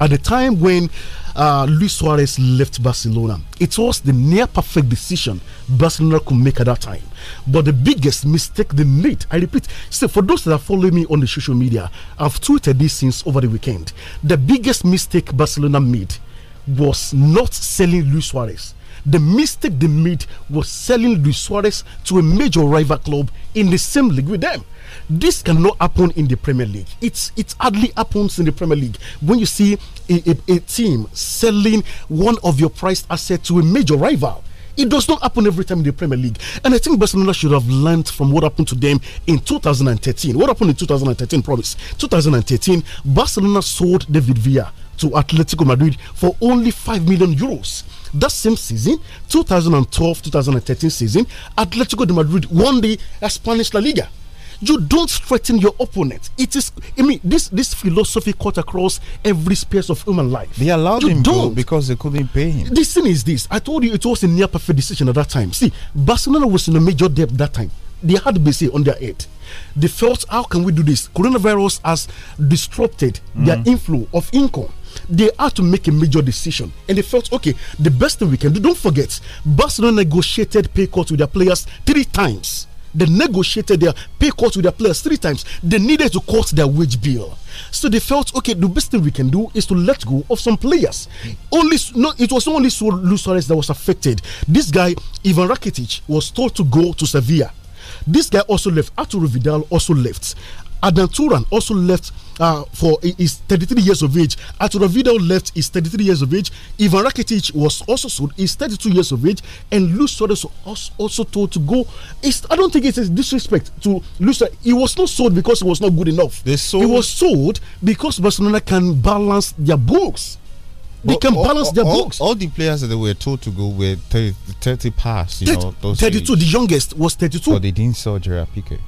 At the time when uh, Luis Suarez left Barcelona, it was the near perfect decision Barcelona could make at that time. But the biggest mistake they made, I repeat, so for those that are following me on the social media, I've tweeted this since over the weekend. The biggest mistake Barcelona made was not selling Luis Suarez the mistake they made was selling Luis Suarez to a major rival club in the same league with them. This cannot happen in the Premier League. It's it hardly happens in the Premier League when you see a, a, a team selling one of your prized assets to a major rival. It does not happen every time in the Premier League. And I think Barcelona should have learned from what happened to them in 2013. What happened in 2013, promise? 2013, Barcelona sold David Villa to Atletico Madrid for only 5 million euros that same season, 2012 2013 season, Atletico de Madrid won the Spanish La Liga you don't threaten your opponent. It is, I mean, this this philosophy cut across every space of human life. They allowed you him to because they couldn't pay him. The thing is this: I told you it was a near perfect decision at that time. See, Barcelona was in a major debt that time. They had BC on their head. They felt, how can we do this? Coronavirus has disrupted mm their inflow of income they had to make a major decision. And they felt, okay, the best thing we can do, don't forget, Barcelona negotiated pay cuts with their players three times. They negotiated their pay cuts with their players three times. They needed to cut their wage bill. So they felt, okay, the best thing we can do is to let go of some players. Only no, it was only so Suarez that was affected. This guy, Ivan Rakitic, was told to go to Sevilla. This guy also left. Arturo Vidal also left. Adnan Turan also left uh, for his 33 years of age. Arturo Vidal left his 33 years of age. Ivan Rakitic was also sold. He's 32 years of age. And Luis Suarez was also told to go. It's, I don't think it's a disrespect to Luis He was not sold because he was not good enough. They sold. He was sold because Barcelona can balance their books. They can all, balance all, their all, books. All the players that were told to go were 30, 30 past. You 30, know, 32. Age. The youngest was 32. But they didn't sell Gerard Piquet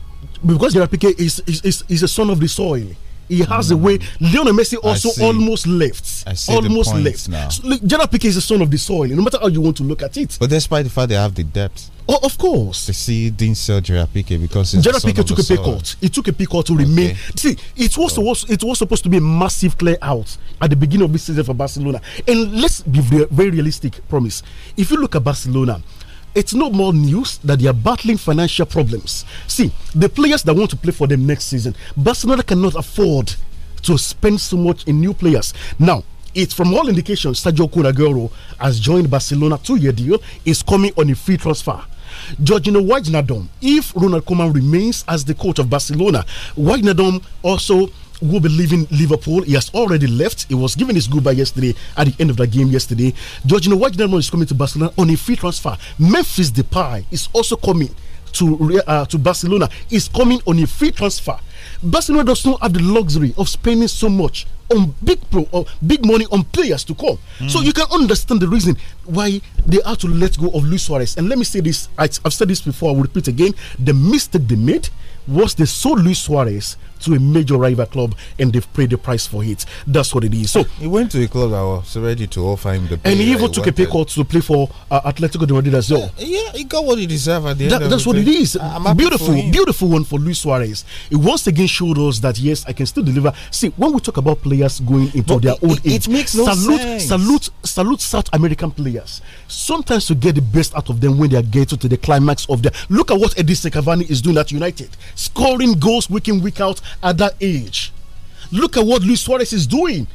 because Gerard Piqué is, is, is, is a son of the soil he has mm. a way. Mm. Lionel Messi also almost left. almost left. Now. So, Gerard Piqué is a son of the soil, no matter how you want to look at it. But despite the fact they have the depth. Oh, of course. They see didn't sell Gerard Piqué because Gerard Piqué took a pay cut. He took a pay cut to okay. remain. See, it was, so. was it was supposed to be a massive clear out at the beginning of this season for Barcelona. And let's be very realistic. Promise. If you look at Barcelona, it's no more news that they are battling financial problems. See, the players that want to play for them next season, Barcelona cannot afford to spend so much in new players. Now, it's from all indications, Sergio Kunagoro has joined Barcelona two-year deal, is coming on a free transfer. Georgino Wijnaldum, if Ronald Koeman remains as the coach of Barcelona, Wijnaldum also will be leaving Liverpool. He has already left. He was given his goodbye yesterday at the end of the game yesterday. Georgino Wajdanmo is coming to Barcelona on a free transfer. Memphis Depay is also coming to uh, to Barcelona is coming on a free transfer. Barcelona does not have the luxury of spending so much on big pro or uh, big money on players to come. Mm. So you can understand the reason why they are to let go of Luis Suarez. And let me say this: I, have said this before. I will repeat again. The mistake they made was they sold Luis Suarez to a major rival club and they've paid the price for it. That's what it is. So he went to a club that was ready to offer him the and he even took wanted. a pay cut to play for uh, Atletico de Madrid as well. yeah, he got what he deserved at the that, end. That's what it is. beautiful, beautiful one for Luis Suarez. It once again showed us that yes, I can still deliver. See, when we talk about players going into but their old age, it makes no salute, sense. salute, salute South American players. Sometimes you get the best out of them when they are getting to the climax of their. Look at what Edison Cavani is doing at United, scoring goals week in week out at that age. Look at what Luis Suarez is doing.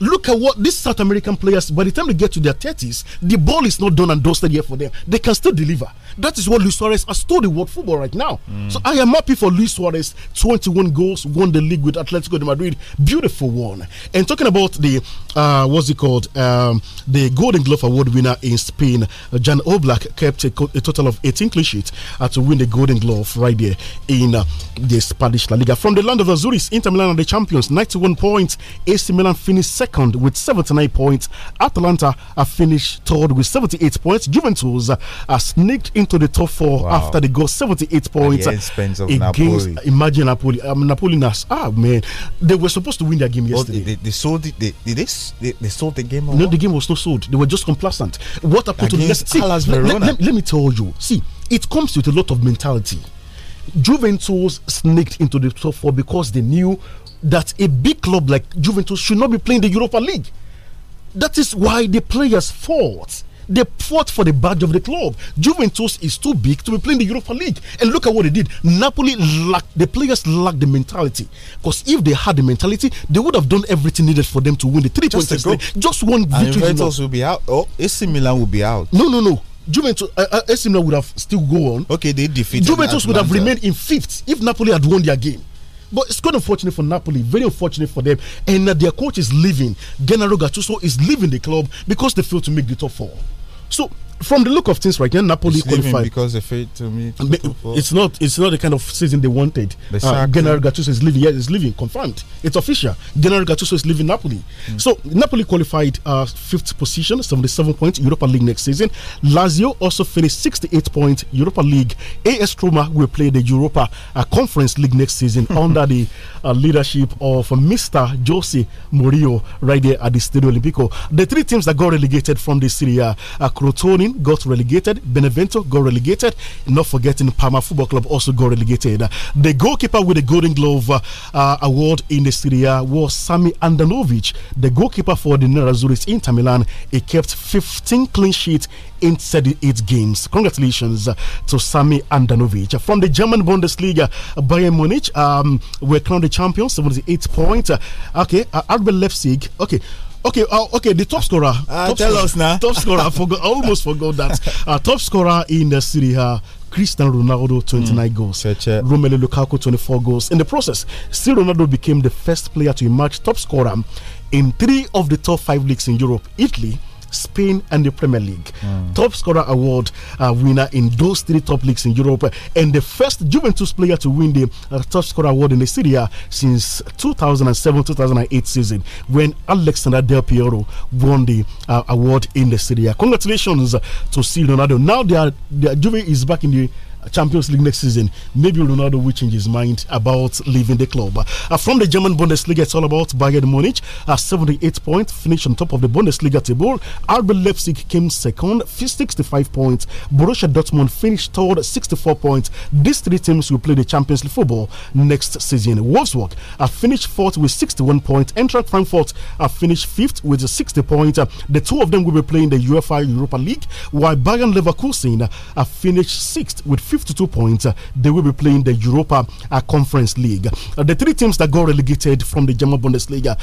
Look at what these South American players, by the time they get to their 30s, the ball is not done and dusted yet for them. They can still deliver. That is what Luis Suarez has told the world football right now. Mm. So I am happy for Luis Suarez. 21 goals, won the league with Atletico de Madrid. Beautiful one. And talking about the uh, what's it called? Um, the Golden Glove Award winner in Spain, Jan Oblak, kept a, a total of 18 clean sheets uh, to win the Golden Glove right there in uh, the Spanish La Liga. From the land of Azuris, Inter Milan are the champions, 91 points. AC Milan finished second with 79 points. Atalanta finished third with 78 points. Juventus uh, sneaked into the top four wow. after they got 78 points uh, against Napoli. Imagine Napoli. Um, Napoli, Nas. ah man, they were supposed to win their game yesterday. they, they, sold it. They, did they they, they sold the game. No, the game was not sold. They were just complacent. What happened to the next? See, let, let, let me tell you. See, it comes with a lot of mentality. Juventus sneaked into the top four because they knew that a big club like Juventus should not be playing the Europa League. That is why the players fought. They fought for the badge of the club. Juventus is too big to be playing the Europa League. And look at what they did. Napoli lacked, the players lacked the mentality. Because if they had the mentality, they would have done everything needed for them to win the three points. Just one victory. And Juventus will be out. Oh, AC Milan will be out. No, no, no. Juventus, uh, uh, AC Milan would have still go on. Okay, they defeated. Juventus would have remained in fifth if Napoli had won their game. But it's quite unfortunate for Napoli, very unfortunate for them. And uh, their coach is leaving. Gennaro Gattuso is leaving the club because they failed to make the top four. そう from the look of things right now, Napoli it's qualified because um, they failed to meet. It's not. It's not the kind of season they wanted. uh, Gennaro Gattuso is leaving. Yes, he's leaving. Confirmed. It's official. Gennaro Gattuso is leaving Napoli. Mm. So Napoli qualified uh, fifth position, seventy-seven points, Europa League next season. Lazio also finished sixty-eight points, Europa League. AS Roma will play the Europa uh, Conference League next season under the uh, leadership of Mr. Jose Mourinho right there at the Stadio Olimpico. The three teams that got relegated from the Serie A, uh, Crotone got relegated. Benevento got relegated. Not forgetting Parma Football Club also got relegated. The goalkeeper with the Golden Glove uh, uh award in the Serie A was Sami Andanovic, the goalkeeper for the Nerazzurri, Inter Milan. He kept 15 clean sheets in 38 games. Congratulations uh, to Sami Andanovic. From the German Bundesliga, Bayern Munich um, were crowned the champions, 78 points. Uh, okay, uh, RB Leipzig. Okay, Okay, uh, okay. The top ah, scorer. Uh, top tell scorer, us now. Top scorer. I forgot. I almost forgot that. Uh, top scorer in the Serie A. Cristiano Ronaldo 29 mm. goals, Cheche. Romelu Lukaku 24 goals. In the process, still Ronaldo became the first player to emerge top scorer in three of the top five leagues in Europe: Italy, Spain, and the Premier League. Mm. Top scorer award uh, winner in those three top leagues in Europe, and the first Juventus player to win the uh, top scorer award in the Serie A since 2007-2008 season, when Alexander Del Piero won the uh, award in the Serie A. Congratulations to C. Leonardo. Now they are, they are, Juve is back in the Champions League next season, maybe Ronaldo will change his mind about leaving the club. Uh, from the German Bundesliga, it's all about Bayern Munich. Uh, 78 points, finished on top of the Bundesliga table. RB Leipzig came second, 65 points. Borussia Dortmund finished third, 64 points. These three teams will play the Champions League football next season. Wolfsburg uh, finished fourth with 61 points. Eintracht Frankfurt uh, finished fifth with 60 points. Uh, the two of them will be playing the UEFA Europa League, while Bayern Leverkusen uh, finished sixth with 52 points, uh, they will be playing the Europa uh, Conference League. Uh, the three teams that got relegated from the German Bundesliga,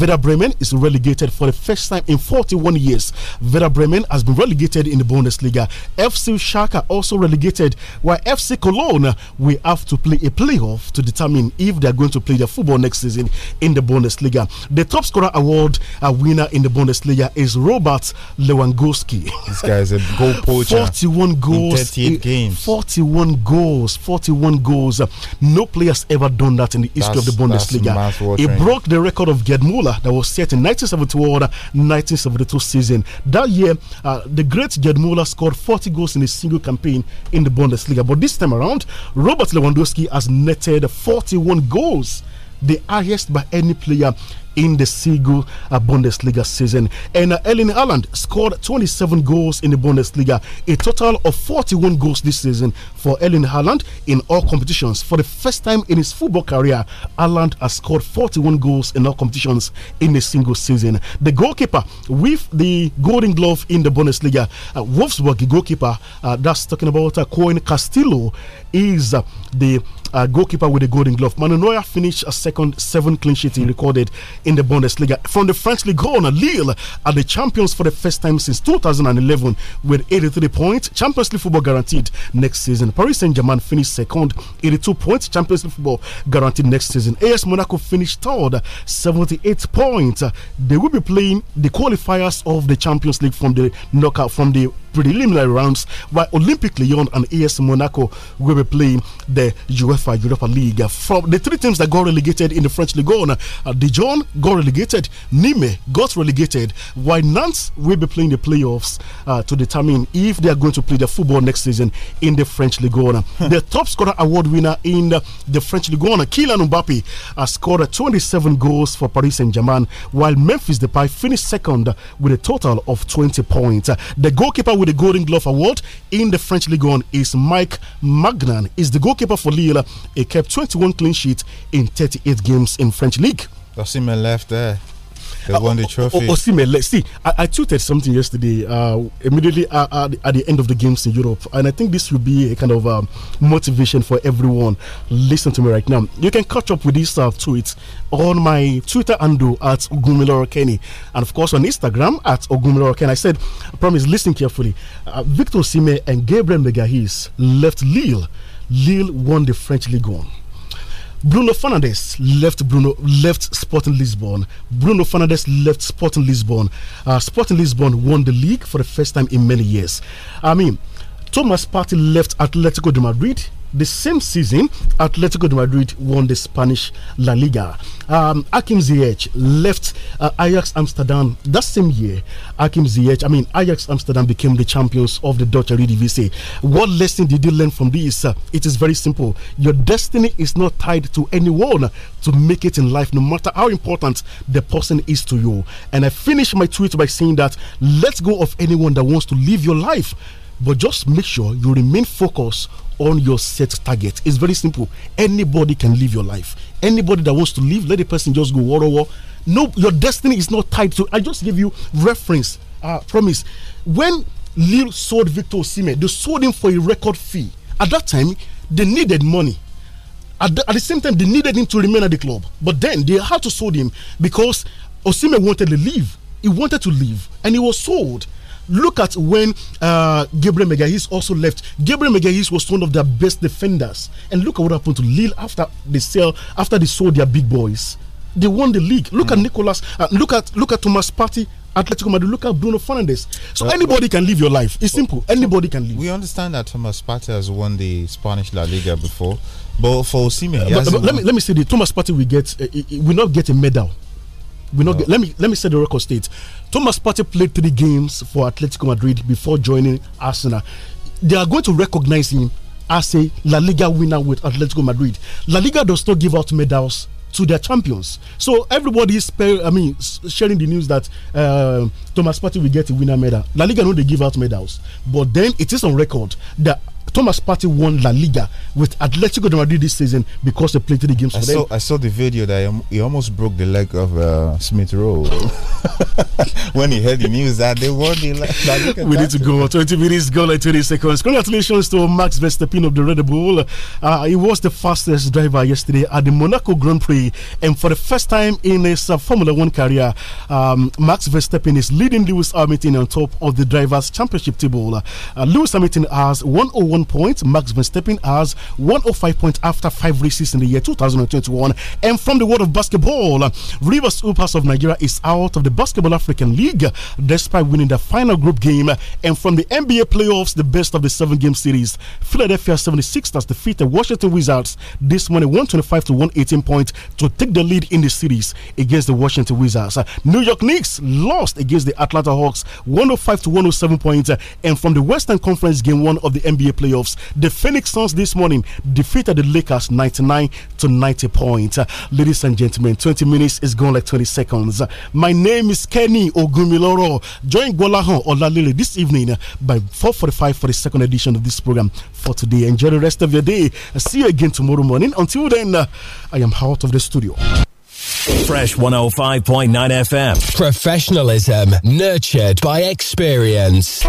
Werder Bremen is relegated for the first time in 41 years. Werder Bremen has been relegated in the Bundesliga. FC Schalke also relegated, while FC Cologne will have to play a playoff to determine if they are going to play their football next season in the Bundesliga. The top scorer award winner in the Bundesliga is Robert Lewandowski. This guy is a goal poacher. 41 goals in 38 games. 40 41 goals. 41 goals. No player has ever done that in the history that's, of the Bundesliga. It broke the record of Gerd Muller that was set in 1971-1972 season. That year, uh, the great Gerd Muller scored 40 goals in a single campaign in the Bundesliga. But this time around, Robert Lewandowski has netted 41 goals the highest by any player in the single uh, Bundesliga season. And uh, Erling Haaland scored 27 goals in the Bundesliga, a total of 41 goals this season for Erling Haaland in all competitions. For the first time in his football career, Haaland has scored 41 goals in all competitions in a single season. The goalkeeper with the Golden Glove in the Bundesliga, uh, Wolfsburg goalkeeper, uh, that's talking about uh, Cohen Castillo, is uh, the uh, goalkeeper with a golden glove. Manu Neuer finished a second, seven clean sheets he hmm. recorded in the Bundesliga. From the French League on, Lille are the champions for the first time since 2011 with 83 points. Champions League football guaranteed next season. Paris Saint Germain finished second, 82 points. Champions League football guaranteed next season. AS Monaco finished third, 78 points. They will be playing the qualifiers of the Champions League from the knockout from the preliminary rounds, while Olympic Lyon and AS Monaco will be playing the UEFA Europa League. From the three teams that got relegated in the French Ligue 1, uh, Dijon got relegated, Nîmes got relegated, while Nantes will be playing the playoffs uh, to determine if they are going to play the football next season in the French Ligue 1. Hmm. the top scorer award winner in the, the French Ligue 1, Kylian Mbappe, has scored 27 goals for Paris Saint-Germain, while Memphis Depay finished second with a total of 20 points. The goalkeeper will with the Golden Glove Award in the French League One is Mike Magnan. Is the goalkeeper for Lille. He kept 21 clean sheets in 38 games in French League. That's him left there. They won the trophy. Osimhen, oh, oh, see, I, I tweeted something yesterday uh, immediately at, uh, uh, at, the end of the games in Europe, and I think this will be a kind of um, motivation for everyone. Listen to me right now. You can catch up with this uh, tweets on my Twitter handle at Ogumiloro Kenny, and of course on Instagram at Ogumiloro Kenny. I said, I promise, listen carefully. Uh, Victor Osimé and Gabriel Megahis left Lille. Lille won the French League One. Bruno Fernandes left Bruno left Sporting Lisbon. Bruno Fernandes left Sporting Lisbon. Uh, Sporting Lisbon won the league for the first time in many years. I mean, Thomas Partey left Atletico de Madrid the same season, Atletico de Madrid won the Spanish La Liga. Um, Akim Ziyech left uh, Ajax Amsterdam that same year. Akim Ziyech, I mean, Ajax Amsterdam became the champions of the Dutch Eredivisie. What lesson did you learn from this? Uh, it is very simple. Your destiny is not tied to anyone to make it in life, no matter how important the person is to you. And I finish my tweet by saying that let's go of anyone that wants to live your life but just make sure you remain focused on your set target. It's very simple. Anybody can live your life. Anybody that wants to live, let the person just go war or war. No, your destiny is not tied to. I just give you reference. Uh, promise. When Lil sold Victor Osimhen, they sold him for a record fee. At that time, they needed money. At the, at the, same time, they needed him to remain at the club. But then they had to sold him because Osimhen wanted to leave. He wanted to leave, and he was sold. Look at when uh, Gabriel Megahis also left. Gabriel Megahis was one of their best defenders, and look at what happened to Lille after they sell after they sold their big boys. They won the league. Look mm. at hmm. Nicolas. Uh, look at look at Thomas Partey Atletico Madrid. Look at Bruno Fernandes. So uh, anybody can live your life. It's oh, simple. Anybody can live. We understand that Thomas Partey has won the Spanish La Liga before, but for Osimhen, uh, let me let me say this: Thomas Partey will get uh, will not get a medal we not. Get, let me let me set the record state. Thomas Partey played three games for Atletico Madrid before joining Arsenal. They are going to recognize him as a La Liga winner with Atletico Madrid. La Liga does not give out medals to their champions. So everybody is, I mean, sharing the news that uh, Thomas Partey will get a winner medal. La Liga know they give out medals, but then it is on record that Thomas Partey won La Liga with Atletico de Madrid this season because they played three games I for saw, them. I saw the video that he almost broke the leg of uh, Smith Rowe when he heard the news that they won the La Liga. We need to go. 20 minutes go like 20 seconds. Congratulations to Max Verstappen of the Red Bull. Uh, he was the fastest driver yesterday at the Monaco Grand Prix, and for the first time in his uh, Formula One career, um, Max Verstappen is leading Lewis Hamilton on top of the drivers' championship table. Uh, Lewis Hamilton has 101 107 points. Max Verstappen has 105 points after five races in the year 2021. And from the world of basketball, Rivers Upas of Nigeria is out of the Basketball African League despite winning the final group game. And from the NBA playoffs, the best of the seven game series, Philadelphia 76ers defeated Washington Wizards this morning 125 to 118 points to take the lead in the series against the Washington Wizards. New York Knicks lost against the Atlanta Hawks 105 to 107 points. And from the Western Conference game one of the NBA playoffs, playoffs. The Phoenix Suns this morning defeated the Lakers 99 to 90 points. Uh, ladies and gentlemen, 20 minutes is gone like 20 seconds. Uh, my name is Kenny Ogumiloro. Join Golahan Olalili this evening uh, by 4:45 for the second edition of this program for today. Enjoy the rest of your day. See you again tomorrow morning. Until then, I am out of the studio. Fresh 105.9 FM. Professionalism nurtured by experience.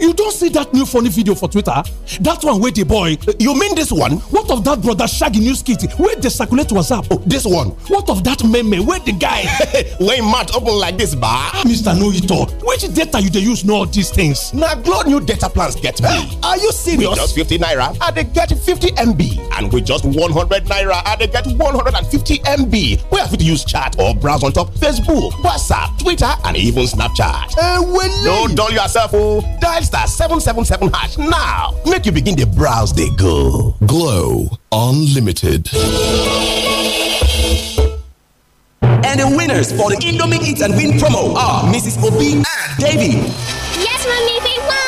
You don't see that new funny video for Twitter? That one with the boy. You mean this one? What of that brother Shaggy News Kitty? Where they circulate WhatsApp? Oh, this one. What of that meme? Where the guy? when mouth open like this, ba? Mr. No It All. Which data you they use know all these things? Now, Glow new data plans get me. Are you serious? With just 50 naira, I they get 50 MB. And with just 100 naira, I they get 150 MB. Where have you to use chat or browse on top Facebook, WhatsApp, Twitter, and even Snapchat? Uh, well, Don't dull yourself, oh. Dial star 777 hash now make you begin the browse they go. Glow Unlimited. And the winners for the Indomie Eat and Win promo are Mrs. Obi and Davy. Yes, mommy, we won!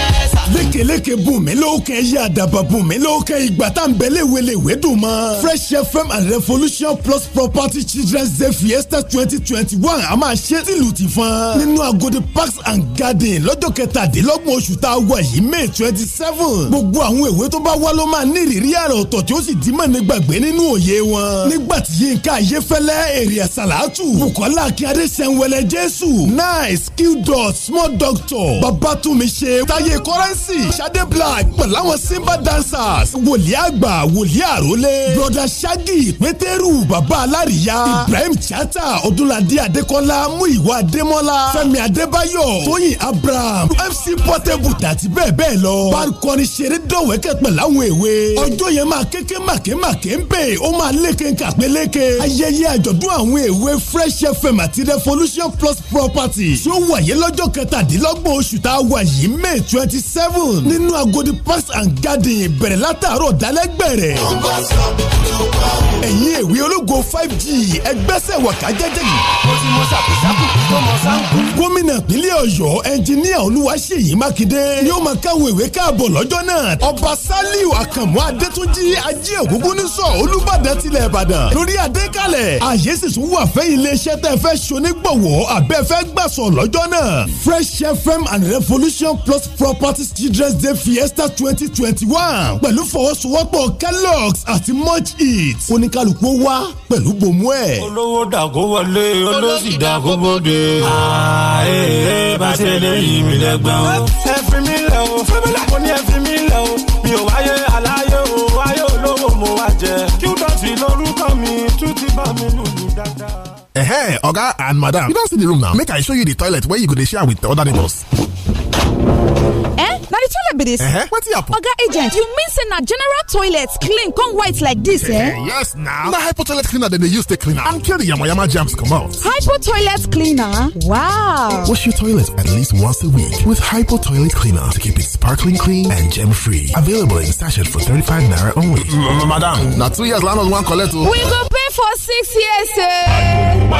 òkèlékè bùnmi lóòkè yé àdàbà bùnmi lóòkè ìgbà tá n bẹ̀lẹ̀ wele ìwé mọ́. fresh fm and revolution plus property children's day fiesta twenty twenty one a máa ṣe tìlù ti fún. nínú agodi parks and garden lọ́jọ́ kẹtàdínlọ́gbọ̀n oṣù tá a wọ̀ yìí may twenty seven. gbogbo àwọn èwe tó bá wá ló máa ní ìrírí àrà ọ̀tọ̀ tí ó sì dì mọ́ ní nínú òye wọn. nígbà tí yínká ayéfẹ́lẹ́ èrè àsàlátù bukola akíade sẹ́ńwẹ́lẹ́ jésù nice skill dot small doctor babatunmi ṣe táyé kọ́rẹ́nsì Bobby Black pẹ̀láwọn Simba dancers wòlíì àgbà wòlíì àrólé broda Shaggy Pétérù bàbá alárìíyá Ibrahim Chata Ọdúnladé Adékọ́lá Múyìwá Adémọ́lá Fẹ́mi Adébáyọ̀ Tóyìn Abraham MC Portable àti bẹ́ẹ̀ bẹ́ẹ̀ lọ. Parikọrin ṣeré dọ̀wẹ́kẹ̀ pẹ̀láwọn èwe. Ọjọ́ yẹn máa kéke màkémàké ń bè ó máa léke nkàpéléke. Ayẹyẹ àjọ̀dún àwọn èwe Fresh FM àti Revolution Plus Property. Ṣé ó wáyé lọ́jọ́ kẹtàdínlọ́gbọ̀n oṣù tá a wà yìí May twenty seven afternoon nínú Agodi parks and garden bẹ̀rẹ̀ látàárọ̀ dálẹ́gbẹ̀rẹ̀. ẹ̀yin èwe ológo five g ẹgbẹ́sẹ̀ wàká jẹ́jẹ́ yìí. mo ti mọ sàkúsàkù tó mọ sáńkù. gómìnà pínlẹ̀ Ọ̀yọ́ ẹnjiníà Olúwaṣèyí Mákindé ni máa káwọn ìwé káàbọ̀ lọ́jọ́ náà. ọba Sálíù Àkànmú Adétúnjì ajé ògúngún ní sọ tilẹ̀ Ìbàdàn lórí adékalẹ̀ àyè sì tún wà fẹ́ iléeṣẹ́ tẹ́ fẹ́ ṣonígbọ̀wọ́ àbẹ́fẹ́ gbàsọ̀ lọ́jọ́ náà Fresh FM and Revolution Plus Properties children children's day fiesta twenty twenty one pẹ̀lú fọwọ́sowọ́pọ̀ kellogg's àti munch eat oníkàlùkù wá pẹ̀lú bòmú ẹ̀. olówó dàgó wọlé olóṣì dàgó bóde. ààyè bá ṣe lè yí mi lẹ́gbẹ̀ẹ́ o. ẹ fi mi lẹ̀ o mo ní ẹ fi mi lẹ̀ o mi ò wáyé aláyé o wáyé olówó mo wá jẹ kí ó dọ̀tí lórúkọ mi tún ti bá mi lù mí dáadáa. Hey, Oga and Madam, you don't see the room now. Make I show you the toilet where you could share with other neighbors. eh na di toilet be dis uh-huh. wetin happen. oga agent you mean say na general toilets clean come white like this, eh, eh yes na na hypo toilet cleaner than they use to clean am and kill di yamayama come out. hypo toilet cleaner wow wash your toilet at least once a week with hypo toilet cleaner to keep it sparkling clean and gem free available in sachet for 35 naira only madam now two years land on one collect we go pay for six years eh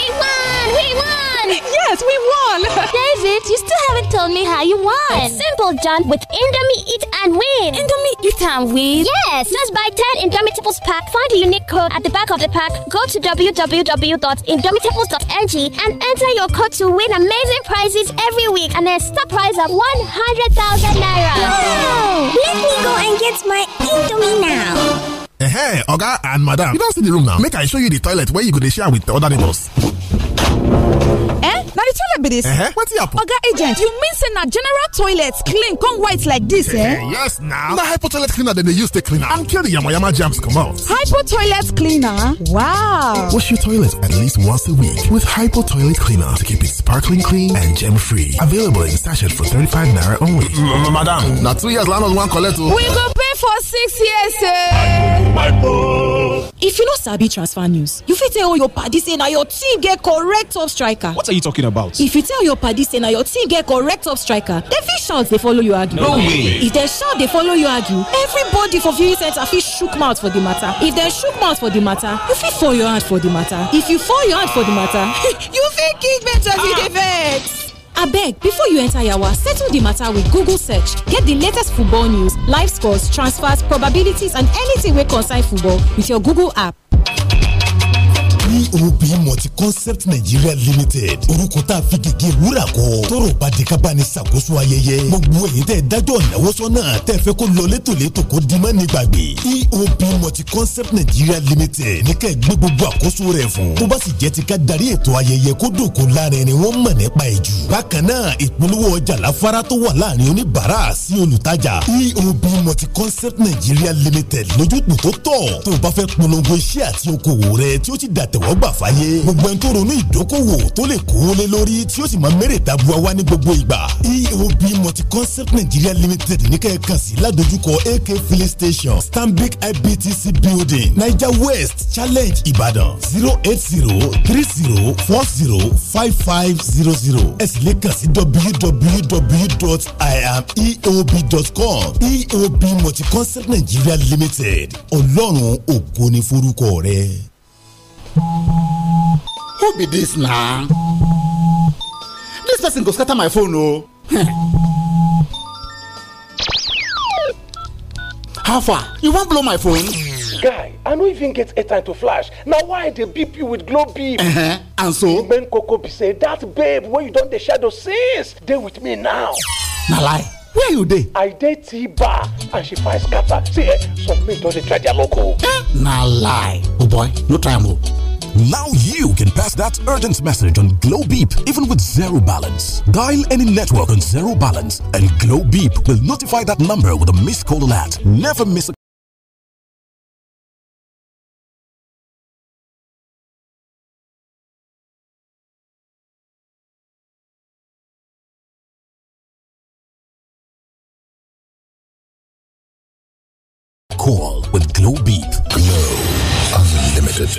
Yes, we won! David, you still haven't told me how you won. It's simple, John. With Indomie Eat and Win. Indomie Eat and Win? Yes. Just buy 10 Indomie Tipples pack. Find the unique code at the back of the pack. Go to www.indomitables.ng and enter your code to win amazing prizes every week and a stock prize of 100,000 naira. Wow! Let me go and get my Indomie now. Eh, hey, Oga and Madam, you don't see the room now. Make I show you the toilet where you could share with the other neighbors eh now the toilet be dis eh wetin happen. oga agent you mean say na general toilets clean come white like this, eh? eh yes na na hypo toilet cleaner than they use take clean am and kill the yamayama come out. hypo toilet cleaner wow wash your toilet at least once a week with hypo toilet cleaner to keep it sparkling clean and germ free available in sachet for 35 naira only madam now two years land wan one coletto. Oh. we go pay for six years eh if you no sabi transfer news you fit tell all your party say na your team get correct top striker are you talking about? if you tell your paddy say your team get correct of striker They fit shout they follow you argue. no way if they shout they follow you argue everybody for viewing centre feel shook mouth for the matter if they shook mouth for the matter you feel for your hand for the matter if you fall your hand for the matter you feel kick bench as you dey I ah. beg, before you enter yawa settle the matter with google search get the latest football news live scores transfers probabilities and anything we conside football with your google app. eob multi-concept nigeria limited orúkọ tá a fi gègé wúrà kọ tọrọ bá di ká bá ní ṣàkóso ayẹyẹ gbogbo èyí tẹ́ dájọ́ ìnáwó sọ́nà tẹ́ fẹ́ kó lọ létòlétò kó dimá ní gbàgbé eob multi-concept nigeria limited ní ká ẹ gbé gbogbo àkóso rẹ̀ fún tó bá sì jẹ́ ti ká darí ètò ayẹyẹ kó dòkó láàrin ni wọ́n mọ̀ nípa ẹ̀ jù bákan náà ìpolówó ọjà láfárá tó wà láàrin oníbàárà sí olùtajà eob multi-concept nigeria limited lójútùú tó tọ́ tó o bá fẹ́ polongo iṣẹ́ àti okòwò rẹ ìwọ gbà fáyé gbogbo ẹni tó ronú ìdókòwò tó lè kó lé lórí tí ó sì máa mẹ́rẹ̀ dábúwa wá ní gbogbo ìgbà eob multi-concept nigeria limited ní kẹ́ẹ̀kan sí ládojúkọ ak filling station stanbic ibtc building naija west challenge ìbàdàn zero eight zero three zero four zero five five zero zero ẹ sì lè kàn sí www.iameob.com eob multi-concept nigeria limited ọlọ́run ògo ni forúkọ rẹ who be this na This person go scatter my phone o oh. how far you wan blow my phone guy i no even get airtime to flash na why i dey beep you with glow beep Uh-huh. and so main koko be say dat babe wey you don dey shadow since dey with me now na lie where you dey i dey tea bar and she find scatter see eh some men don dey try their luck o oh. na lie oh boy no try am o oh. now you can pass that urgent message on Glow Beep even with zero balance. Dial any network on zero balance and Glow Beep will notify that number with a missed call alert. Never miss a call with Glow Glow Unlimited.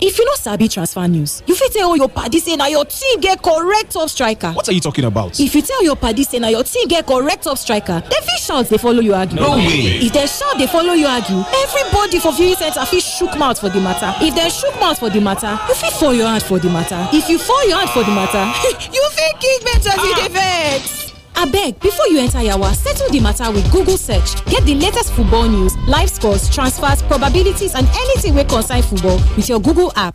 if you know sabi transfer news you fit tell all your padi say now your team get correct off striker what are you talking about if you tell your padi say now your team get correct off striker dem fish shout they follow you argue no way if they shout they follow you argue everybody for viewing centre fit shook mouth for the matter if they shook mouth for the matter you fit fall your hand for the matter if you fall your hand for the matter you fit kick better as you dey abeg before you enter yawa settle the matter with google search get the latest football news live scores transfers probabilities and anything wey concern football with your google app.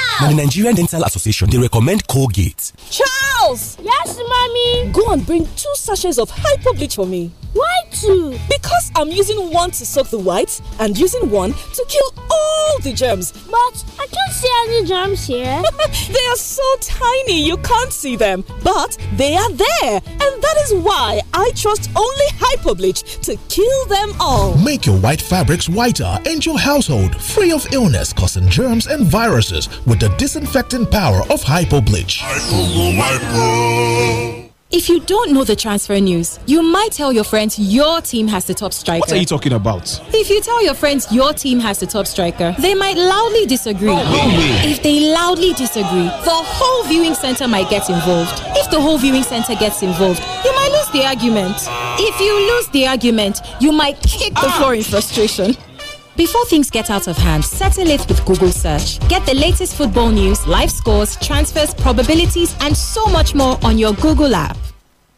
Now, the Nigerian Dental Association, they recommend Colgate. Charles! Yes, Mommy? Go and bring two sachets of Hypo Bleach for me. Why two? Because I'm using one to soak the whites and using one to kill all count But I can't see any germs here. they are so tiny you can't see them. But they are there. And that is why I trust only Hyperbleach to kill them all. Make your white fabrics whiter and your household free of illness causing germs and viruses with the disinfecting power of Hyperbleach. Hypo, hypo. If you don't know the transfer news, you might tell your friends your team has the top striker. What are you talking about? If you tell your friends your team has the top striker, they might loudly disagree. Oh, If they loudly disagree, the whole viewing center might get involved. If the whole viewing center gets involved, you might lose the argument. If you lose the argument, you might kick the ah. floor in frustration. Before things get out of hand, settle it with Google Search. Get the latest football news, live scores, transfers, probabilities, and so much more on your Google app.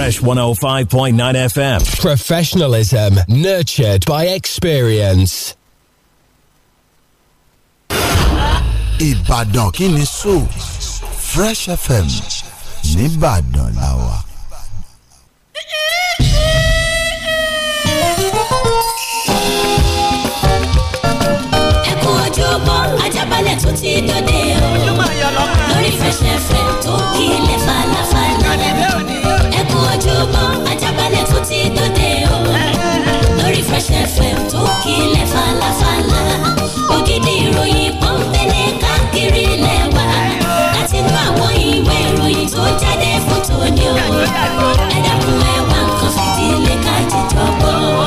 Fresh 105.9 FM. Professionalism nurtured by experience. Ìbàdàn kí ni so Fresh FM nìbàdàn làwà. Ẹkún ojúbọ Ajábalẹ̀ tó ti dòde o FM tó kílẹ̀ falafala. lọ́gbọ́n ajábalẹ̀ tó ti dòde o lórí Fresh FM tó kílẹ̀ falafala ògidì ìròyìn pọ́npẹ́lẹ́ káàkiri lẹ́wà láti inú àwọn ìwé ìròyìn tó jáde fún tòní o ẹ dákun ẹ wá nǹkan fìdílé ká jíjọ gbọ́. ó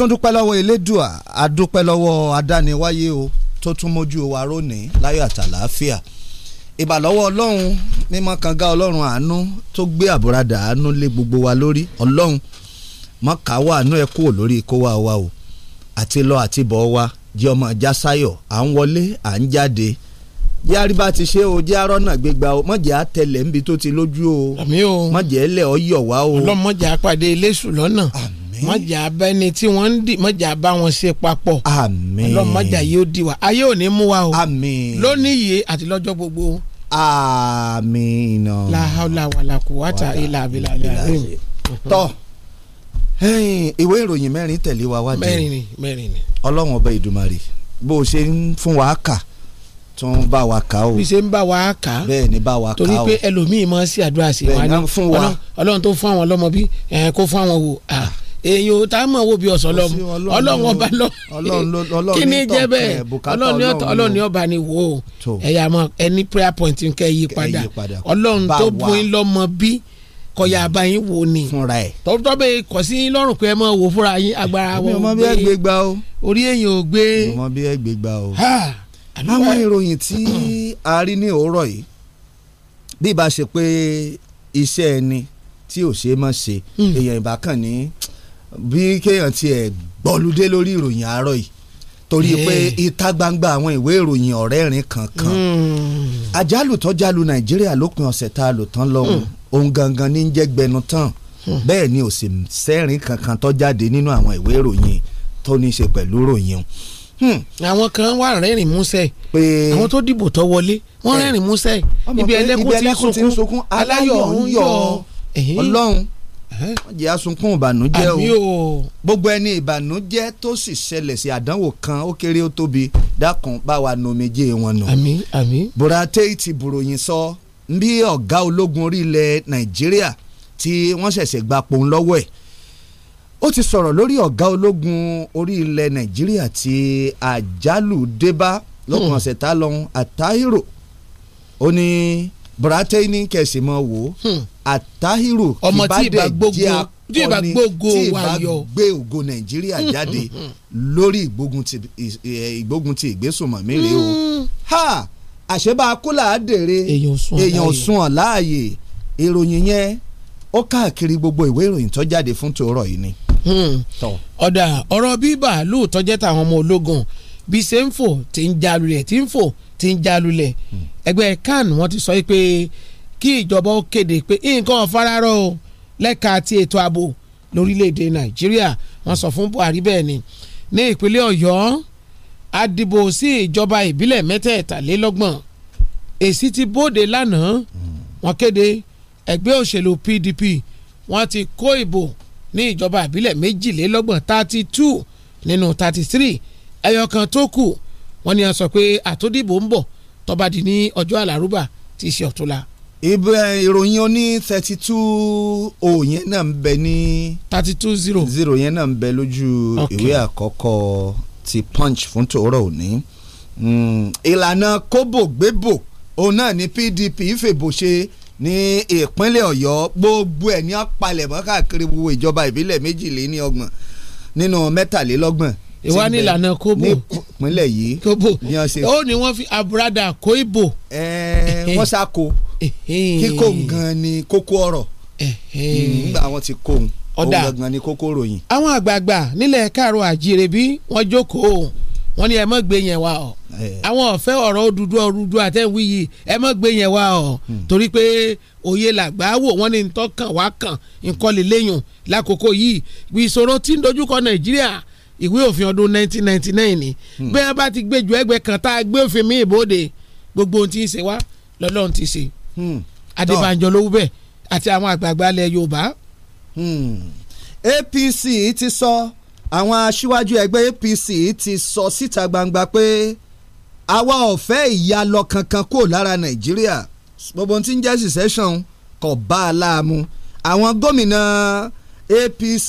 tún dúpẹ́ lọ́wọ́ elédùà adúpẹ́ lọ́wọ́ adániwáyé o tó tún mójú wa rónìí láyọ̀ àtàlàáfíà ìbàlọ́wọ́ ọlọ́run mímọ́ kanga ọlọ́run àánú tó gbé àbúradà àánú lé gbogbo wa lórí ọlọ́run mọ́ka wà àánú ẹ̀ kúrò lórí ikó wa wa o àti lọ àti bọ̀ wa jẹ́ ọmọ jásayọ̀ à ń wọlé à ń jáde jẹ́ àríbá ti ṣe o jẹ́ arọ́nà gbégbá o mọ̀jẹ̀ àtẹlẹ̀ níbi tó ti lójú o mọ̀jẹ̀ ẹlẹ́ ọ yọ̀ o ọlọ́mọ̀jẹ̀ àpàdé eléṣù lọ́nà. àmì àmín. mọ̀jà abẹ́ni tí wọ́n ń dì mọ̀jà bá wọn ṣe papọ̀. àmín. ọlọ́run yóò dì wá ayé ò ní mú wa o. àmín. lónìí yìí àti lọ́jọ́ gbogbo. àmín. làhàlà wàlàkù wàtà ilà abilà rẹ̀. tọ́ ìwé ìròyìn mẹ́rin tẹ̀lé wa wájú. mẹ́rin ni mẹ́rin ni. ọlọ́run ọba ìdùmarè bó o ṣe ń fún wa kà tún bá wa kà o. bí ṣe ń bá wa kà. bẹ́ẹ̀ ni bá wa kà o. torí pé ẹlòmíì máa ṣe àdúrà sí wa ni ọlọ́run tó fún àwọn lọ́mọ bí kó fún àwọn wò èyàn ò tá a mọ̀ wo bí ọ̀sán lọ́mú ọlọ́run ọba lọ kí ni jẹ́ bẹ́ẹ̀ ọlọ́run ní ọba ni wò ó ẹ̀yà mọ̀ ẹni prayer point nkẹ́ yí padà ọlọ́run tó bùn ín lọ́mọ bí kọyà abayin wo ni tọ́tọ́ bẹ́ẹ̀ kọ̀ sí lọ́rùn pé ẹ mọ̀ wò fúnra yín agbára wọn gbé orí èyàn ò gbé àwọn ìròyìn tí a rí ní òwúrọ̀ yìí bí ibà ṣe pé iṣẹ́ ẹni tí ò ṣe é mọ̀ ṣe hmm. èèyàn ìbá ní bí kéèyàn tiẹ̀ gbọ́lúdé lórí ìròyìn àárọ̀ yìí torí pé ìta gbangba àwọn ìwé ìròyìn ọ̀rẹ́rin kankan hmm. àjálù tó jálù nàìjíríà lópin ọ̀sẹ̀ tá a lò tán lọ́hùn ohun hmm. gangan ní jẹ́ gbẹnu tán hmm. bẹ́ẹ̀ ni ò sì sẹ́rìn kankan tó jáde nínú àwọn ìwé ìròyìn tó ní í ṣe pẹ̀lú ìròyìn o àwọn kan wà rẹ́rìn músẹ́ àwọn tó dìbò tó wọlé wọ́n eh. rẹ́rìn músẹ́ ibi ẹlẹ́kùn ti ń sunkún aláyọ̀ ń yọ̀ ọlọ́run jẹ́ asunkún ìbànújẹ́ o gbogbo ẹni ìbànújẹ́ tó sì ṣẹlẹ̀ sí àdánwò kan ó kéré ó tóbi dákun bá wa nomijé wọn nù. àmín àmín. buratai ti bùròyìn sọ bí ọ̀gá ológun orílẹ̀ nàìjíríà tí wọ́n ṣẹ̀ṣẹ̀ gba pòun lọ́wọ́ ẹ̀ ó ti sọ̀rọ̀ lórí ọ̀gá ológun orílẹ̀ nàìjíríà tí àjálù débá lókun hmm. ọ̀sẹ̀ tá lọ́hún àtàírò ó ní buratai ní kẹsì wò ó. Hmm. Atahiru ìbàdàn jẹ́ akọni tí ìbá gbé ògo nàìjíríà mm, jáde mm, mm. lórí ìgbógun ti ìgbésùnmọ̀mí o ha aseba kólà adere dèrè èèyàn sùn ọ̀ láàyè ìròyìn yẹn ó káàkiri gbogbo ìwé ìròyìn tó jáde fún tòórọ̀ yìí ni. Hmm. ọ̀dà ọ̀rọ̀ bíbà lóòótọ́ jẹ́ tàwọn ọmọ ológun bí ṣe ń fò tí ń jalulẹ̀ tí ń fò tí ń jalulẹ̀ hmm. ẹgbẹ́ kan wọ́n ti sọ pé kí ìjọba ó kéde pé nǹkan ọ̀fararọ̀ o lẹ́ka àti ètò ààbò lórílẹ̀‐èdè nàìjíríà wọ́n sọ fún buhari bẹ́ẹ̀ ni ní ìpínlẹ̀ ọ̀yọ́ àdìbò sí ìjọba ìbílẹ̀ mẹ́tẹ̀ẹ̀talélọ́gbọ̀n èsì ti bóde lánàá wọ́n kéde ẹgbẹ́ òṣèlú pdp wọ́n ti kó ìbò ní ìjọba ìbílẹ̀ méjìlélọ́gbọ̀n thirty two nínú thirty three ẹyọ kan tó kù wọ́n ní a sọ pé àtúndìbò ń bọ̀ tó ní ọjọ́ àlárúbà tí ṣe ọ̀túnla ìròyìn oní thirty two o yẹn náà ń bẹ ní. thirty two zero. zero yẹn náà ń bẹ lójú ìwé àkọ́kọ́ ti punch fún tòórọ́ òní. Hmm, ìlànà kóbò gbébò òun náà ni PDP fèbò ṣe ní ìpínlẹ̀ Ọ̀yọ́ gbogbo ẹ̀ ní apalẹ̀mọ́ káàkiri gbogbo ìjọba ìbílẹ̀ méjìléní ọgbọ̀n nínú mẹ́tàlélọ́gbọ̀n. No, ìwà ní ìlànà kóbò nípínlẹ̀ yìí kóbò ó ní wọ́n fi àbúradà kó ìbò. wọ́n ṣàkó kíkó nǹkan ni kókó ọ̀rọ̀ hmm, nígbà wọn ti kó òun gangan ni kókó ròyìn. àwọn àgbààgbà nílẹ̀ káàrọ̀ àjíire bí wọ́n jókòó wọ́n ní ẹ mọ̀ gbé yẹn wá ọ̀ àwọn ọ̀fẹ́ ọ̀rọ̀ òdúdú òdúdú àtẹ̀wí yìí ẹ mọ̀ gbé yẹn wá ọ̀ hmm. torí pé òye làgbà wò wọ́n ní ntọ́kàn wá kàn nkọ́lé léyùn lákòókò yìí ìṣòro tí ń dojúkọ Nàìjíríà ìwé òfin ọdún 1999 ni hmm. bí wọ́n bá ti gbẹ́jọ́ ẹgbẹ́ kan tá a gbé òfin mi ìbòde gbogbo ohun tí ń ṣe wá lọ́lọ́run ti ṣe hmm. Adébánjọ ló wú bẹ́ẹ̀ àti àwọn àgbààgbà ilẹ̀ Yorùbá. Hmm. APC ti sọ àwọn aṣíwájú ẹgbẹ́ APC ti sọ síta gbangba pé àwa ò fẹ́ ìyálọ kankan kúrò lára Nàìjíríà gbogbo ohun tí ń jẹ́ secession kò bá a láàmú àwọn gómìnà APC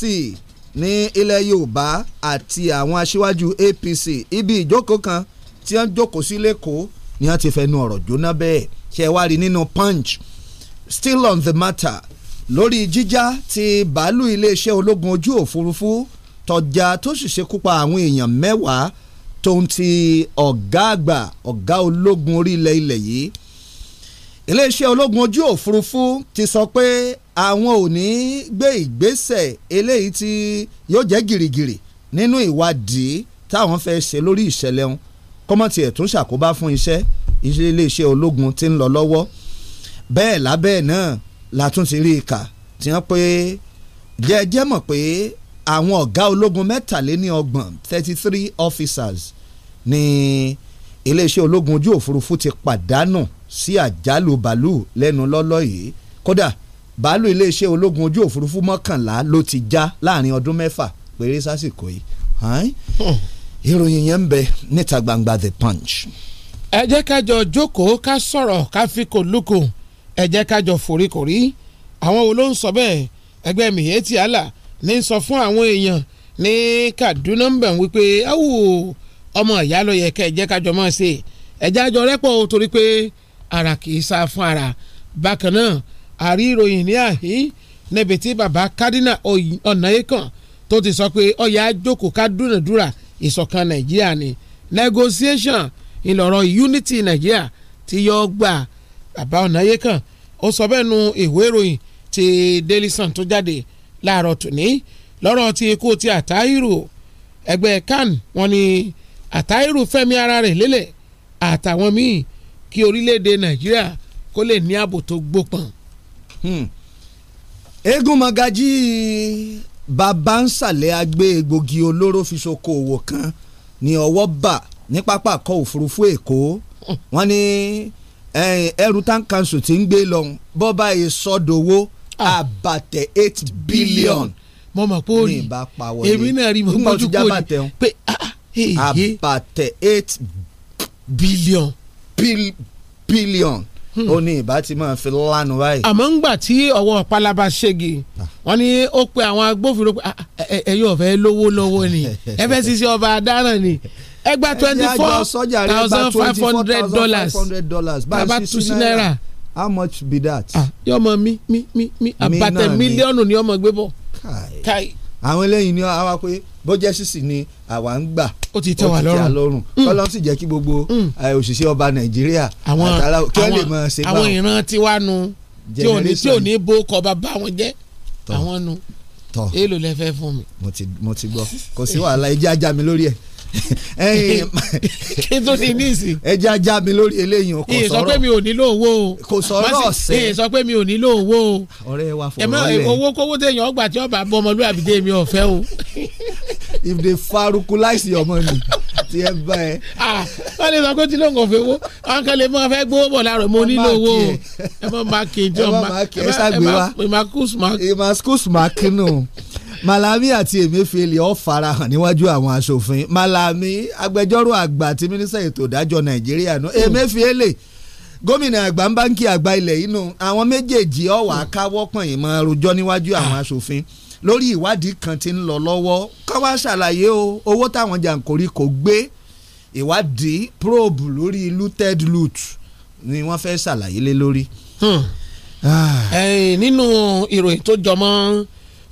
ní ilẹ̀ Yorùbá àti àwọn aṣíwájú APC ibi ìjókòó kan tí wọ́n jókòó sí lẹ́kọ̀ọ́ ni wọ́n ti fẹnu ọ̀rọ̀ jóná bẹ́ẹ̀ ṣe wá rí nínú punch still on the matter lórí jíjá ti bàálù iléeṣẹ́ ológun ojú òfurufú tọjà tó sì ṣekú pa àwọn èèyàn mẹ́wàá tó ń ti ọ̀gá àgbà ọ̀gá ológun orí ilẹ̀ yìí iléeṣẹ́ ológun ojú òfurufú ti sọ pé àwọn ò ní gbé ìgbésẹ̀ eléyìí tí yóò jẹ́ gìrìgìrì nínú ìwádìí táwọn fẹ́ ṣe lórí ìṣẹ̀lẹ̀ ọ̀hún kọ́mọ̀tì ẹ̀ tún ṣàkóbá fún iṣẹ́ iléeṣẹ́ ológun ti ń lọ lọ́wọ́ bẹ́ẹ̀ lábẹ́ náà látún ti rí ìkà tí wọ́n pé jẹ́jẹ́ mọ̀ pé àwọn ọ̀gá ológun mẹ́tàléní thirty three officers ní iléeṣẹ́ ológun ojú òfurufú ti pàdánù no sí àjálù bàálù lẹ́nu lọ́lọ́ yìí kódà bàálù iléeṣẹ́ ológun ojú òfurufú mọ́kànlá ló ti já láàrin ọdún mẹ́fà péré sásìkò yìí hmm. ìròyìn yẹn ń bẹ níta gbangba the punch. ẹ jẹ́ ká jọ jókòó ká sọ̀rọ̀ ká fi kò lukò ẹ jẹ́ ká jọ foríkorí àwọn wo ló ń sọ bẹ́ẹ̀ ẹgbẹ́ miyeti allah ní sọ fún àwọn èèyàn ní kaduna ń bẹ̀ wípé ọmọ ìyá ló yẹ ká ẹ jẹ́ ká jọ máa ṣe ẹ̀já jọ rẹ́pọ̀ torí pé ara kì í sá fún ara bákan náà àrí ìròyìn ní àhín níbi tí baba kádínà ọ̀nàyẹ́kàn tó ti sọ pé ọ̀yà àjókòó ká dúnàdúrà nàìjíríà ni negotiation ìlọ̀rọ̀ unity nàìjíríà ti yọ gbà baba ọ̀nàyẹ́kàn ó sọ bẹ́ẹ̀ nu ìwé ìròyìn ti Daily Sun tó jáde láàárọ̀ tòní lọ́rọ̀ ti ikú ti àtàírù ẹgbẹ́ kan wọ́n ní àtàírù fẹ́mi ara rẹ̀ lélẹ̀ àtàwọn míì kí orílẹ̀-èdè nàìjíríà kó lè ní ààbò tó gbópọn. Hmm. eégún mọ̀gájí bàbá ń sàlẹ̀ agbé egbògi olóró fi ṣokòwò kan ní ọwọ́ bà ní pápákọ̀ òfurufú èkó wọ́n ní ẹrù tank council ti ń gbé lọ bọ́bá ìsọdowó ah. àbàtẹ̀ eight billion mo mọ̀ pé ó rí èmi náà rí mo gbọ́dọ̀ kó rí pé ah, ah, eh, eh. àbàtẹ̀ eight billion bílíọ̀nù hmm. ó ní ìbá ti máa fi lánàá báyìí. àmọ́ ńgbà tí ọwọ́ palaba ṣégi ah. wọ́n ní ó pe àwọn agbófinró pé ah, ah, ẹ̀yin ọ̀fẹ́ lówó lọ́wọ́ ni ẹ fẹ́ ṣiṣẹ́ ọba adáràn ni ẹ twenty four thousand five hundred dollars bàbá tu náírà. how much be that. yọmọ mi mi mi mi àbàtẹ mílíọ̀nù ni ọmọ gbé bọ̀. àwọn eléyìí ni àwa pé bó jẹ́ ni àwa ń gbà ó ti tẹ́ wa lọ́rùn kọ́lọ́n mm. sì jẹ́ kí gbogbo mm. òṣìṣẹ́ ọba nàìjíríà àtàlà kí wọ́n lè máa ṣe báwọn. àwọn ìran tiwa nu tí ò ní tí ò ní bó kọ bá bá wọn jẹ́ àwọn nu èèlò lẹ fún mi. mo ti gbọ́ kò sí wàhálà ẹjẹ́ ajá mi lórí ẹ̀ kí tó ní níìsì. ẹ jẹ́ ajá mi lórí eléyìí o kò sọ̀rọ̀. ìsọ pé mi ò nílò owó o. kò sọ̀rọ̀ ọ̀sẹ̀. ìsọ pé mi ò nílò owó o. ọ̀rẹ́ wa fọ̀rọ̀ lẹ̀. owó kówó téèyàn ọgbà tí ọba bọ ọmọlúwàbí dé mi ọ̀fẹ́ o. if they farukulize your money ti ẹ bá ẹ. wọ́n lè sọ pé tí ló ń kàn fẹ́ owó àwọn kan lè mọ fẹ́ gbówó bọ̀ láàrọ̀ mo nílò owó o. ẹ má máa kì í jọ ẹ má máa kì í ẹ ṣàgbéwá. ẹ má kú smack. ẹ má kú smack nù. Malami àti Emefiele ọ̀ farahàn níwájú àwọn aṣòfin Malami agbẹjọ́rò àgbà àti mínísítà ètò ìdájọ́ Nàìjíríà nù hmm. Emefiele gómìnà àgbà ń báńkì àgbà ilẹ̀ yìí nù àwọn méjèèjì ọ̀ wà káwọ́ pọ̀n ìmọ̀ rojọ́ níwájú àwọn aṣòfin lórí ìwádìí kan tí ń lọ lọ́wọ́ ká wá ṣàlàyé o owó táwọn jàǹkórí kò gbé ìwádìí probe lórí looted loot ni wọ́n fẹ́ ṣàlàyé lé lórí. Hmm. Ah. nínú ìròyìn tó jọmọ́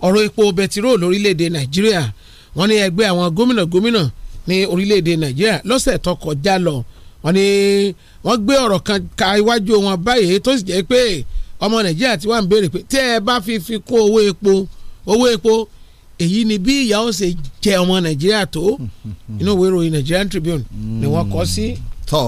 ọ̀rọ̀ epo bẹtiró lórílẹ̀‐èdè nàìjíríà wọ́n ní ẹgbẹ́ àwọn gómìnà gómìnà ní orílẹ̀‐èdè nàìjíríà lọ́sẹ̀ tó kọjá lọ wọ́n ní wọ́n gbé ọ̀rọ̀ kan ka iwájú wọn báyìí tó sì jẹ́ pé ọmọ nàìjíríà ti wà ń béèrè pé tẹ́ ẹ bá fi fi kún owó epo owó epo èyí ni bí ìyà ṣe jẹ ọmọ nàìjíríà tó hmm, hmm, hmm. inú ìwé ìròyìn Nigerian Tribune ni wọ́n kọ sí. tọ́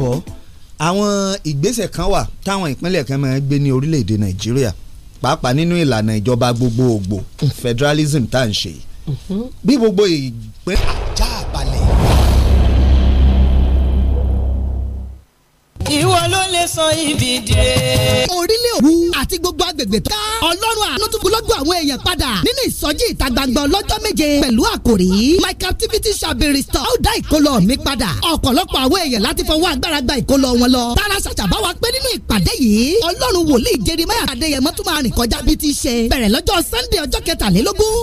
bọ̀ àwọn ìgbésẹ̀ kan wà táwọn ìpínlẹ̀ kan máa ń gbé ní orílẹ̀-èdè nàìjíríà pàápàá nínú ìlànà ìjọba gbogbogbò federalism tá à ń ṣe mhm. bí gbogbo ìpínlẹ̀ sọ ibi dé. orílẹ̀ òwú àti gbogbo agbègbè tó ká ọlọ́run àánú tún gbọ́dọ̀ àwọn èèyàn padà nínú ìsọjí ìta gbangba ọlọ́jọ́ méje pẹ̀lú àkòrí my captivity shall be restored ó dá ìkólọ mi padà ọ̀pọ̀lọpọ̀ àwọn èèyàn láti fọwọ́ agbára gba ìkólọ wọn lọ tara ṣàṣàbá wa pé nínú ìpàdé yìí ọlọ́run wòlíì jerimaya adéyẹmọ tún máa rìn kọjá bí ti ṣe bẹ̀rẹ̀ lọ́jọ́ sunday ọjọ́ kẹtàlélógún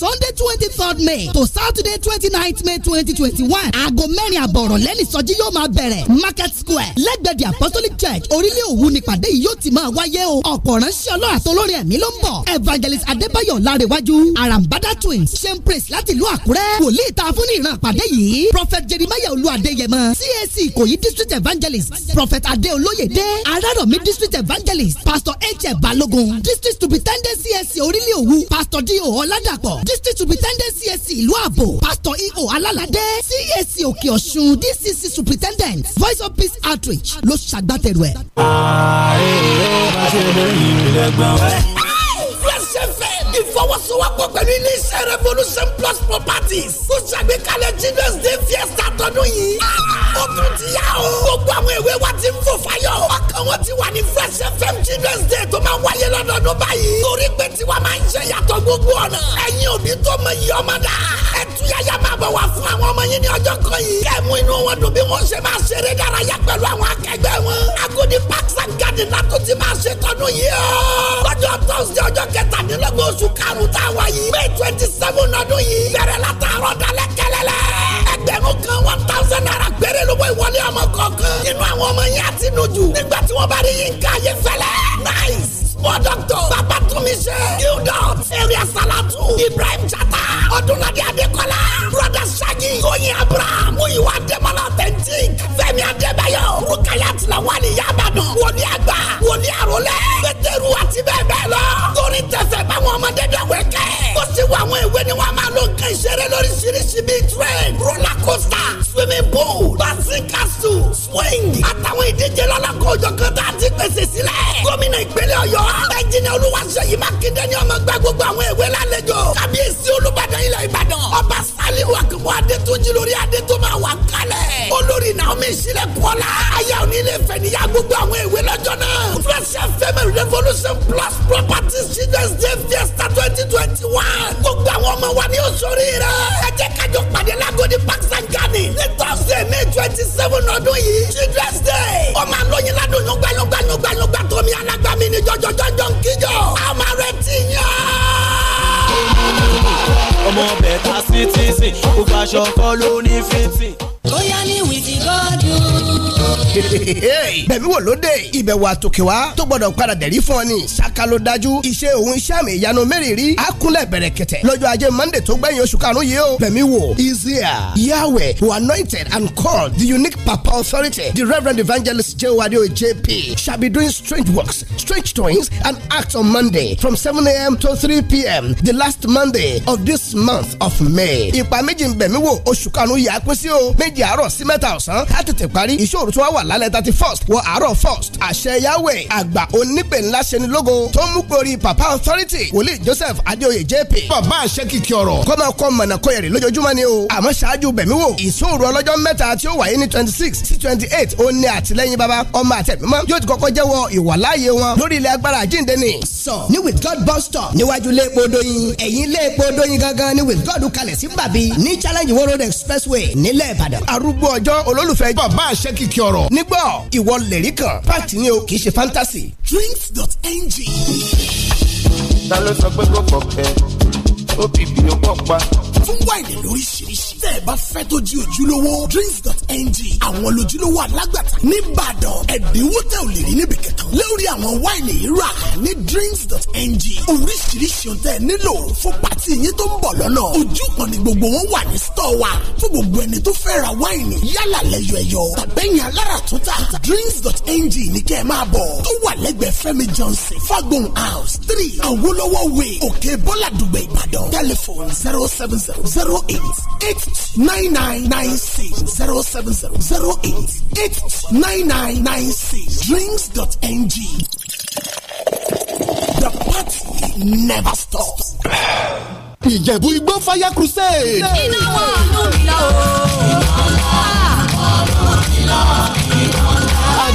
sunday twenty third may to saturday twenty ninth may twenty twenty one aago mẹ́rin àbọ̀rọ̀ lẹ́nìí sọj ìsọjí yóò máa bẹ̀rẹ̀ market square lẹ́gbẹ̀dẹ̀ apostolic church orílẹ̀ òwú nípàdé yìí yóò ti máa wáyé o ọ̀pọ̀ ránṣẹ́ ọlọ́run àtolórin ẹ̀mí ló ń bọ̀ evangelist adébáyọ̀ lárẹ̀wájú arambada twins shane praise láti ìlú àkúrẹ́ wòlíì ta fún ní ìran àpàdé yìí prophet jeremiah olúadéyẹmọ cac ìkòyí district evangelist prophet adéolóyèdé arárọ̀mí district evangelist pastor h balógun district to be superintendent cac orílẹ̀ òwú pastor dio ọ̀làdàpọ̀ district to superintendent cac ìlú àbò pastor eo alálàdé cac òkè ọ̀ṣun dcc superintendent voice of peace outreach ló ṣàgbátẹrù ẹ̀. ààrẹ ìrẹ́ bá ṣe lóyún ìpínlẹ̀ fọwọ́sowọ́pọ̀ pẹ̀lú iléeṣẹ́ revolution plus properties tó ṣàgbékalẹ̀ children's day fiesta tọdún yìí. ó tún ti yá o. gbogbo àwọn èwe wa ti ń fò fáyọ̀. ọkàn wọn ti wà ní fresh fm children's day tó máa wáyé lọ́dọọdún báyìí. torí pé tiwa máa ń ṣe yàtọ̀ gbogbo ọ̀nà. ẹ̀yin òbí tó mọ iye ọmọ dà. ẹ túyàyà máa bọ̀ wá fún àwọn ọmọ yín ní ọjọ́ kan yìí. kẹ́ẹ̀mú inú wọn dùn bí wọ́n ṣe máa ṣeré dárayá pẹ̀lú àwọn akẹgbẹ́ wọn. Agodi parks and garden látó ti máa ṣe tọdún yìí. lọ́jọ́ tọ́sí ọjọ́ kẹtàdínlọ́gbọ̀n oṣù ká karùn tá yìí may twenty seven ọdún yìí bẹ̀rẹ̀ la taarọ̀ dalẹ̀ kẹlẹ́lẹ́ ẹgbẹ̀rún kan one thousand naira gbére lówó ìwọlé ọmọ kọ̀ọ̀kan nínú àwọn ọmọ yẹn àti nujú nígbà tí wọ́n bá rí yín ká yé fẹ́lẹ́ nice ó dọ́kítọ̀ bàbá túnmí ṣe gildot area salatu ibrahim chata ọdúnladé adékọlá broda shaggy oyin abraham muyiwa demola authentic fẹ́mi adébáyọ̀ rukaya tilawani yabadan wòlíì àgbà wòlíì àrólẹ pétérù àti bẹ́ẹ̀ bẹ́ẹ̀ lọ torí tẹfẹ báwọn ọmọdé dọwọ kẹ ó sì wọ àwọn ìwé ni wọn máa lò kàn ìṣeré lóríṣiríṣi bíi train roller coaster swimming pool bassin castle swing àtàwọn ìdíje lọlọkọ òjò kan tá pèsè sílẹ̀. gómìnà ìpínlẹ̀ ọ̀yọ́ ẹnjìnìà olúwaṣeyì mákindé ni ọmọ gbà gbogbo àwọn ìwé lálejò kábíyèsí olúbàdàn ilẹ̀ ìbàdàn ọba s alilu akebo adetunji lórí adetoma wà kalẹ̀ olórí naomi silekuọla aya onílé fẹniya gbogbo àwọn ìwé lọ́jọ́ náà fresh fm revolution plus properties children's day fiesta twenty twenty one gbogbo àwọn ọmọ wa ni ó sori rẹ ẹ jẹ́ kájọ pàdé lagodi park sangani ní thursday may twenty seven ọdún yìí children's day ọmọ alóyin ládùn yọgbà yọgbà yọgbà yọgbà tómi alágbàmí ni jọjọjọjọ ń kíjọ àmàrẹ tìyàn ọmọ bẹ̀ta sí tíìsì gbogbo aṣọ kọ́ ló ní fìtì bóyá ní wìtí gọ́dù. bẹ̀mí wò ló dé ìbẹ̀wò àtòkè wá tó gbọ́dọ̀ padà dẹ̀rí fún ọ ni ṣáká ló dájú iṣẹ́ òun iṣẹ́ àmì ìyanu mẹ́rìírí àkúnlẹ̀ bẹ̀rẹ̀ kẹ̀tẹ̀ lọ́jọ́ ajé monday tó gbẹ̀yìn oṣù karùn-ún yìí o bẹ̀mí wò easier yahweh who anointed and called the unique papa authority the reverend evangelist jewadio jp shall be doing strange works strange doings and acts on monday from seven a.m. to three p.m. the last monday of this month of may ìpàméjì bẹ̀mí wò oṣù karùn-ún yìí àkúnṣe o méjì méje àárọ̀ sí mẹ́ta ọ̀sán ká tètè parí ìṣòro tó wá wà lálẹ́ thirty first wọ àárọ̀ first àṣẹ yahweh àgbà onípè ńlá ṣe lógo tó mú pori papa authority wòlíì joseph adéoyè jp. bàbá àṣẹ kìkì ọ̀rọ̀ kọ́mọ kọ́ mọ̀nà kọ́yẹ̀rì lójoojúmọ́ ni o àmọ́ ṣáájú bẹ̀mí wò ìṣòro ọlọ́jọ́ mẹ́ta tí ó wáyé ní twenty six sí twenty eight ó ní àtìlẹ́yìn bàbá ọmọ àtẹ̀mímọ́ yóò ti kọ́kọ́ jẹ́wọ́ ìwàláyé arúgbó ọjọ́ olólùfẹ́ bàbá àṣẹ kìkì ọ̀rọ̀ nígbọ́ ìwọ lẹ̀rí kan pàtì ni o kì í ṣe fantasy. drinks.ng. ta ló sọ pé kò pọ̀ pẹ́ ó bìbì ó pọ̀ pa tún wáìnì lóríṣiríṣi tẹ́ ẹ bá fẹ́ tó jí ojúlówó drinks.ng àwọn lójúlówó alágbàtà nìbàdàn ẹ̀dínwó tẹ́ ò lè rí níbi kankan lórí àwọn wáìnì rà ní drinks.ng oríṣiríṣi tẹ́ nílò fún pàtí yín tó ń bọ̀ lọ́nà ojú kan ni gbogbo wọn wà ní stọ̀ wa fún gbogbo ẹni tó fẹ́ ra wáìnì yálà lẹ́yọ̀ ẹ̀yọ̀ tàbẹ́yìn alára tó ta drinks.ng ní kẹ́ ẹ máa bọ̀ tó wà lẹ́gbẹ̀ẹ́ Fẹ́mi Johnson fagbon house three Awolowo way Òkè Bọ́làdùgbẹ̀ Ìbàdàn telephone zero seven zero zero eight eight nine nine nine six zero seven zero zero eight eight nine nine nine six drinks.ng. The party never stops. Ìjẹ̀bú Igbó Fire Crusade. Iná wà nù mí lọ. Iná wà nù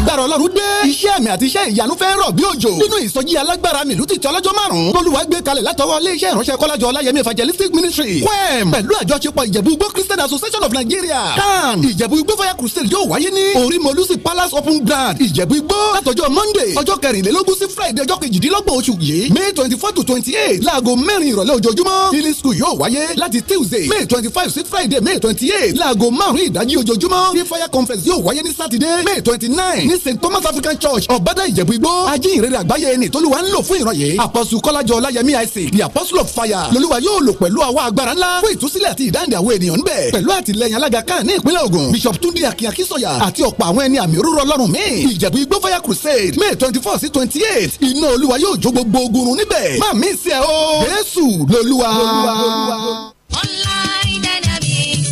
agbára ọlọ́run dé iṣẹ́ àmì àti iṣẹ́ ìyanu fẹ́ rọ̀ bí òjò nínú ìsọjí alágbára mi ìlú ti ti ọlọ́jọ́ márùn-ún lọ́lúwa gbé kalẹ̀ látọwọ́ iléeṣẹ́ ìránṣẹ́ kọ́lájọ ọláyẹmí evangelistic ministry wẹ́ẹ̀m pẹ̀lú àjọṣepọ̀ ìjẹ̀bú igbó christian association of nigeria kan ìjẹ̀bú igbó fire crusade yóò wáyé ní orimolusi palace open ground ìjẹ̀bú igbó látọjọ́ monday ọjọ́ kẹrìnlélógún sí friday ọjọ́ kejìdínlọ́gbọ̀n oṣù yìí may twenty to twenty eight láago mẹ́rin ìrọ̀lẹ́ ojoojúmọ́ healing school yóò wáyé láti tuesday may twenty five friday may twenty eight láago márùn-ún ìdájí ojoojúmọ́ fire conference yóò wáyé saturday may twenty ní st thomas african church ọ̀bádà ìjẹ̀bú igbó ajínrere àgbáyé ẹni tólúwa ń lò fún ìran yìí àpọ̀sù kọ́lájọ ọláyẹmí isaac the apostle of fire lolúwa yóò lò pẹ̀lú àwa agbára ńlá fún ìtúsílẹ̀ àti ìdáǹdè àwọn ènìyàn níbẹ̀ pẹ̀lú àtìlẹyìn alága kan ní ìpínlẹ̀ ògùn bishop túndé akínyakísọ̀yà àti ọ̀pọ̀ àwọn ẹni àmì òróró ọlọ́run míì ìjẹ̀bú igbó fire crusade may twenty four sí twenty eight iná olúwa yóò jó gbogbo ogun run níbẹ̀ má mi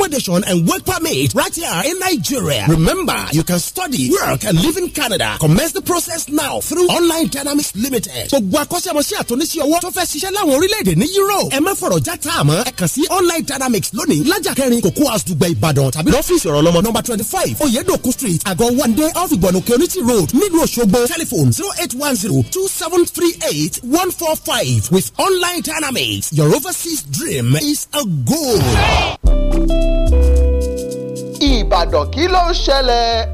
accommodation, and work permit right here in Nigeria. Remember, you can study, work, and live in Canada. Commence the process now through Online Dynamics Limited. Gbogbo akọ́ṣẹ́mọṣẹ́ àtúnṣe ọwọ́ tó fẹ́ ṣiṣẹ́ láwọn orílẹ̀-èdè ní Europe. Ẹ má fọ̀rọ̀ já tá a mọ́. Ẹ kàn sí Online Dynamics lónìí lájà kẹrin Cocoa House Dùgbẹ̀ Ìbàdàn tàbí lọ́fíìsì ọ̀rọ̀ lọ́mọ nọ́mbà twenty five Oyedoku street Àgọ́ Wande off Ìgbọ̀nùkẹ́ Onítì road nílùú Òṣogbo telephone zero eight one zero two seven three eight one four five with Online Dynamics your overseas dream is a goal ìbàdàn kí ló ń ṣẹlẹ̀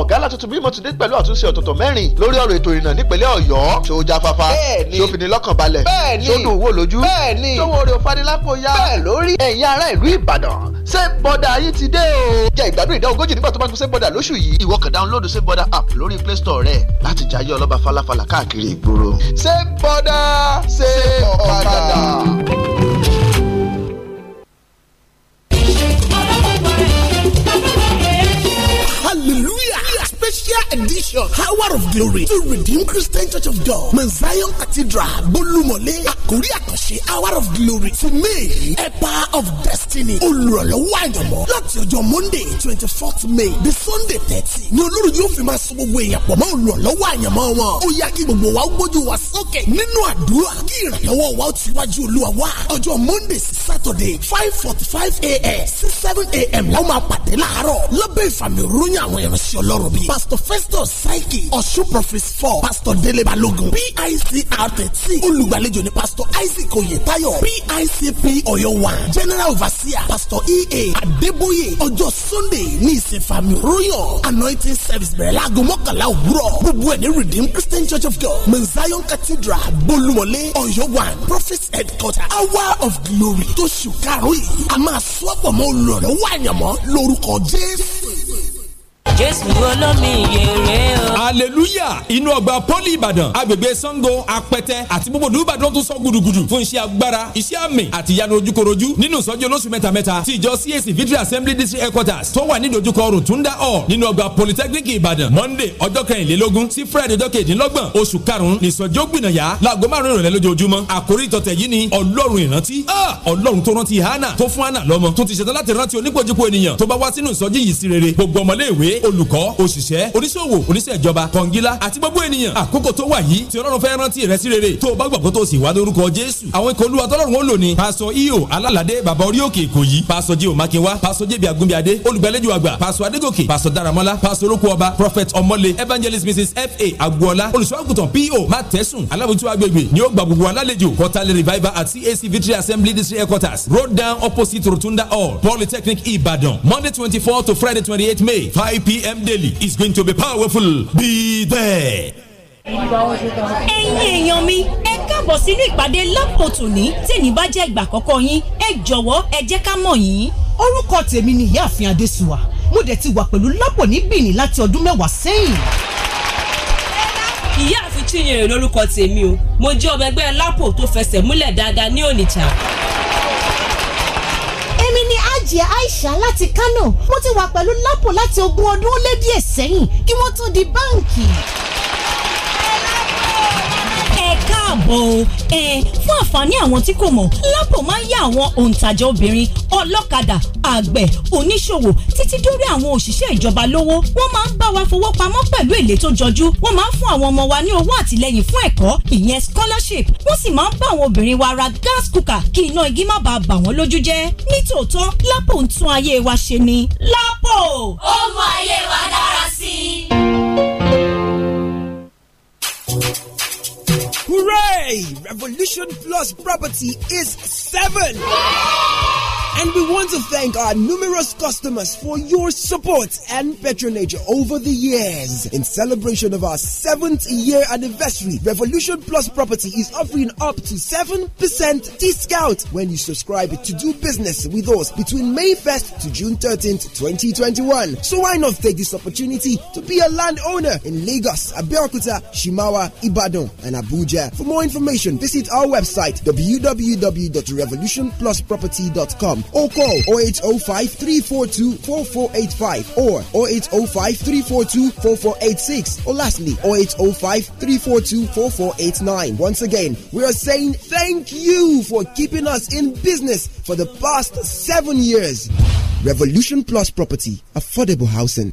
ọ̀gá látúntún bímọ ti dé pẹ̀lú àtúnṣe ọ̀tọ̀tọ̀ mẹ́rin lórí ọ̀rọ̀ ètò ìrìnnà nípínlẹ̀ ọ̀yọ́ ṣé ó jáfáfá ṣé ó fi ní lọ́kàn balẹ̀ ṣé ó dùn wò lójú ṣé owó orí òfanilápò ya bẹ́ẹ̀ lórí ẹ̀yin ará ìlú ìbàdàn ṣé bọ́dà yìí ti dé o. jẹ́ ìgbádùn ìdá ogójì nígbà tó bá ń gbé ṣé bọ́dà lóṣù yìí ìwọ kàn dáńlódù ṣé bọ́dà app lórí play store rẹ láti jayé ọlọ́ba falafala káàkiri ìgboro. ṣé bọ́dà ṣé ọ̀kadà. hallelujah special edition hour of glory to redeem christian church of god mount zion cathedral bolumole àkórí àkànṣe hour of glory for me, a power of destiny olùrànlọ́wọ́ àyànmọ́ láti ọjọ́ monday twenty fourth may the sunday thirty ni olórí yóò fi máa sọ gbogbo èèyàn pọ̀ mọ́ olùrànlọ́wọ́ àyànmọ́ wọn ó yá kí gbogbo wa ó gbójú wa sókè nínú àdúrà kí ìrànlọ́wọ́ wa ó ti wájú olúwa wa ọjọ́ monday sí saturday five forty five a.m. sí seven a.m. la ó máa pàdé láàárọ̀ lábẹ́ ìfàmì òróyìn àwọn ìránṣẹ́ ọlọ́run Adéwálé pastor Festus Saiki ọ̀ṣun prophets four pastor Délé Balógun PICR thirteen olùgbàlejò ni pastor Isaac Oyetayo PICP Ọ̀yọ́ one general overseer pastor EA Adébóyè ọjọ́ Sunday ní ìsìnfàmì royal anointing service bẹ̀rẹ̀ láago mọ́kànlá òwúrọ̀ gbogbo ẹ̀ ní Redeemed Christian Church of God Mount Cathedral Bolúmọ̀lé Ọ̀yọ́ one prophet's headquarter hour of glory tó Karui. karùn-ún yìí a máa sọ́pọ̀ mọ́ olùrànlọ́wọ́ àyànmọ́ lórúkọ Jésù jésù olómi yèrè o. aleluya inú ọgbà pọ́lì ìbàdàn agbègbè sango apẹtẹ àti búbọ̀dù ìbàdàn tó sọ gudugudu fún iṣẹ́ agbára iṣẹ́ àmì àti ìyanu ojúkorojú nínú ìsọjí olóṣù mẹ́tamẹ́ta ti ìjọ cac victory assembly district headquarters tó wà ní dojúkọ rotunda hall nínú ọgbà polytechnic ìbàdàn monday ọjọ́ kẹrìnlélógún sí friday ọjọ́ kejìdínlọ́gbọ̀n oṣù karùn-ún ní ìsọjí ògbìnàyà láago márùn-ún ìrọ̀lẹ́ lójoojúmọ́ àkórí ìtọ̀tẹ̀ yìí ni ọlọ́run ìrántí ah! ọlọ́run tó rántí hánà tó fún hánà lọ́mọ ọmọdé olùkọ́ òṣìṣẹ́ oníṣòwò oníṣẹ́ ìjọba kọ̀ǹgílá àti gbogbo ènìyàn àkókò tó wà yìí tí ọlọ́run fẹ́ rántí rẹ sí rere tó o bá gbàgbọ́ tó o sì wá lórúkọ jésù àwọn ikọ̀ olúwa tọ́lọ́run ó lò ní pásọ iyo e alálàdé bàbá orí òkè èkó yìí pásọ jí òmákinwá pásọ jébì agúnbíadé olùgbàlejò àgbà pásọ adégòkè pásọ daramọ́lá pásọ olóko ọba prophet ọmọlé evangelist mrs fa agboola olùṣọ́àgùtàn po mátẹ́sùn alábòtú agbègbè ni ó gba gbogbo alálejò kọ́tàlẹ̀ revival at cac victory assembly district headquarters road down opposite rotunda hall polytechnic ibadan monday twenty four to friday twenty eight may five p.m. daily is going to be powerful. Be there. ẹ̀yin èèyàn mi ẹ káàbọ̀ sínú ìpàdé lápò tòní tẹ̀ní bá jẹ́ ìgbà àkọ́kọ́ yín ẹ jọ̀wọ́ ẹ jẹ́ ká mọ̀ yín. orúkọ tèmi ni ìyáàfin adésùwà mo dẹ̀ ti wà pẹ̀lú lápò ní bìnní láti ọdún mẹ́wàá sẹ́yìn. ìyáàfin chinyere lórúkọ tèmi o mo jẹ́ ọmọ ẹgbẹ́ lápò tó fẹsẹ̀ múlẹ̀ dáadáa ní onitsha ìkejì Aisha láti Kano mo ti wà pẹ̀lú Lapo láti ogún ọdún ó lé díẹ̀ sẹ́yìn kí wọ́n tó di báǹkì káàbọ̀ o ẹ fún àǹfààní àwọn tí kò mọ̀ lápò máa ń yá àwọn òǹtajà obìnrin ọlọ́kadà àgbẹ̀ oníṣòwò títí dórí àwọn òṣìṣẹ́ ìjọba lówó wọ́n máa ń bá wa fowó pamọ́ pẹ̀lú èlé tó jọjú wọ́n máa ń fún àwọn ọmọ wa ní owó àtìlẹyìn fún ẹ̀kọ́ ìyẹn scholarship wọ́n sì máa ń bá àwọn obìnrin wa ra gas cooker kí iná igi má bàa bà wọ́n lójú jẹ́ nítòótọ́ lápò ń tún ayé wa ṣe ni lápò ó mú ayé wa dára sí i. Hooray! Revolution Plus property is seven. And we want to thank our numerous customers for your support and patronage over the years. In celebration of our seventh year anniversary, Revolution Plus Property is offering up to 7% discount when you subscribe to do business with us between May 1st to June 13th, 2021. So why not take this opportunity to be a landowner in Lagos, Abeokuta, Shimawa, Ibadan, and Abuja? For more information, visit our website www.revolutionplusproperty.com or call 0805 342 4485 or 0805 342 4486 or lastly 0805 342 4489. Once again, we are saying thank you for keeping us in business for the past seven years. Revolution Plus Property, affordable housing.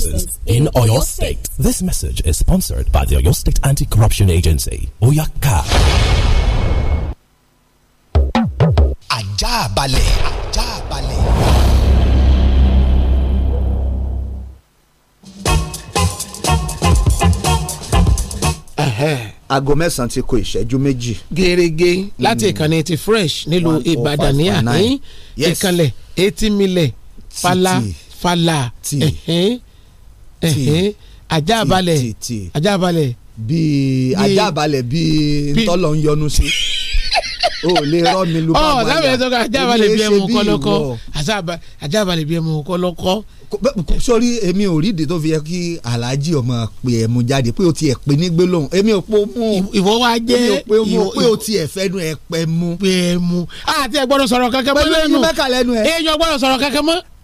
citizens in Oyo State. This message is sponsored by the Oyo State Anti-Corruption Agency, Oyaka. Ajabale. Ajabale. aago mẹ́sàn-án ti kó ìṣẹ́jú méjì. gẹ́rẹ́gẹ́ hmm. láti ìkànnì ti fresh nílùú oh ìbàdàn ní àní ìkànnì etímilẹ̀ fàlàfàlà ajá balẹ̀ ajá balẹ̀. bíi ajá balẹ̀ bíi ntọ́lọ̀ ń yọnu sí o lè rọ́ mi lu oh, bàbá yà ọ lábẹ́ sọ́kà ajá balẹ̀ bíi ẹmu kọ́lọ́kọ́ ajá balẹ̀ bíi ẹmu kọ́lọ́kọ́. sórí èmi ò rídìí tó fi yẹ kí alhaji ọmọ pè ẹmu jáde pé o tiẹ̀ pè ní gbólóhùn èmi ò pé o mú ìwọ wa jẹ́ pé o tiẹ̀ fẹ́nu ẹ pẹ́ mu. pẹ́ mu àti ẹ gbọ́dọ̀ sọ̀rọ̀ kankan mọ́ lẹ́nu èèyàn gbọ́dọ̀ sọ̀rọ̀ kankan mọ́.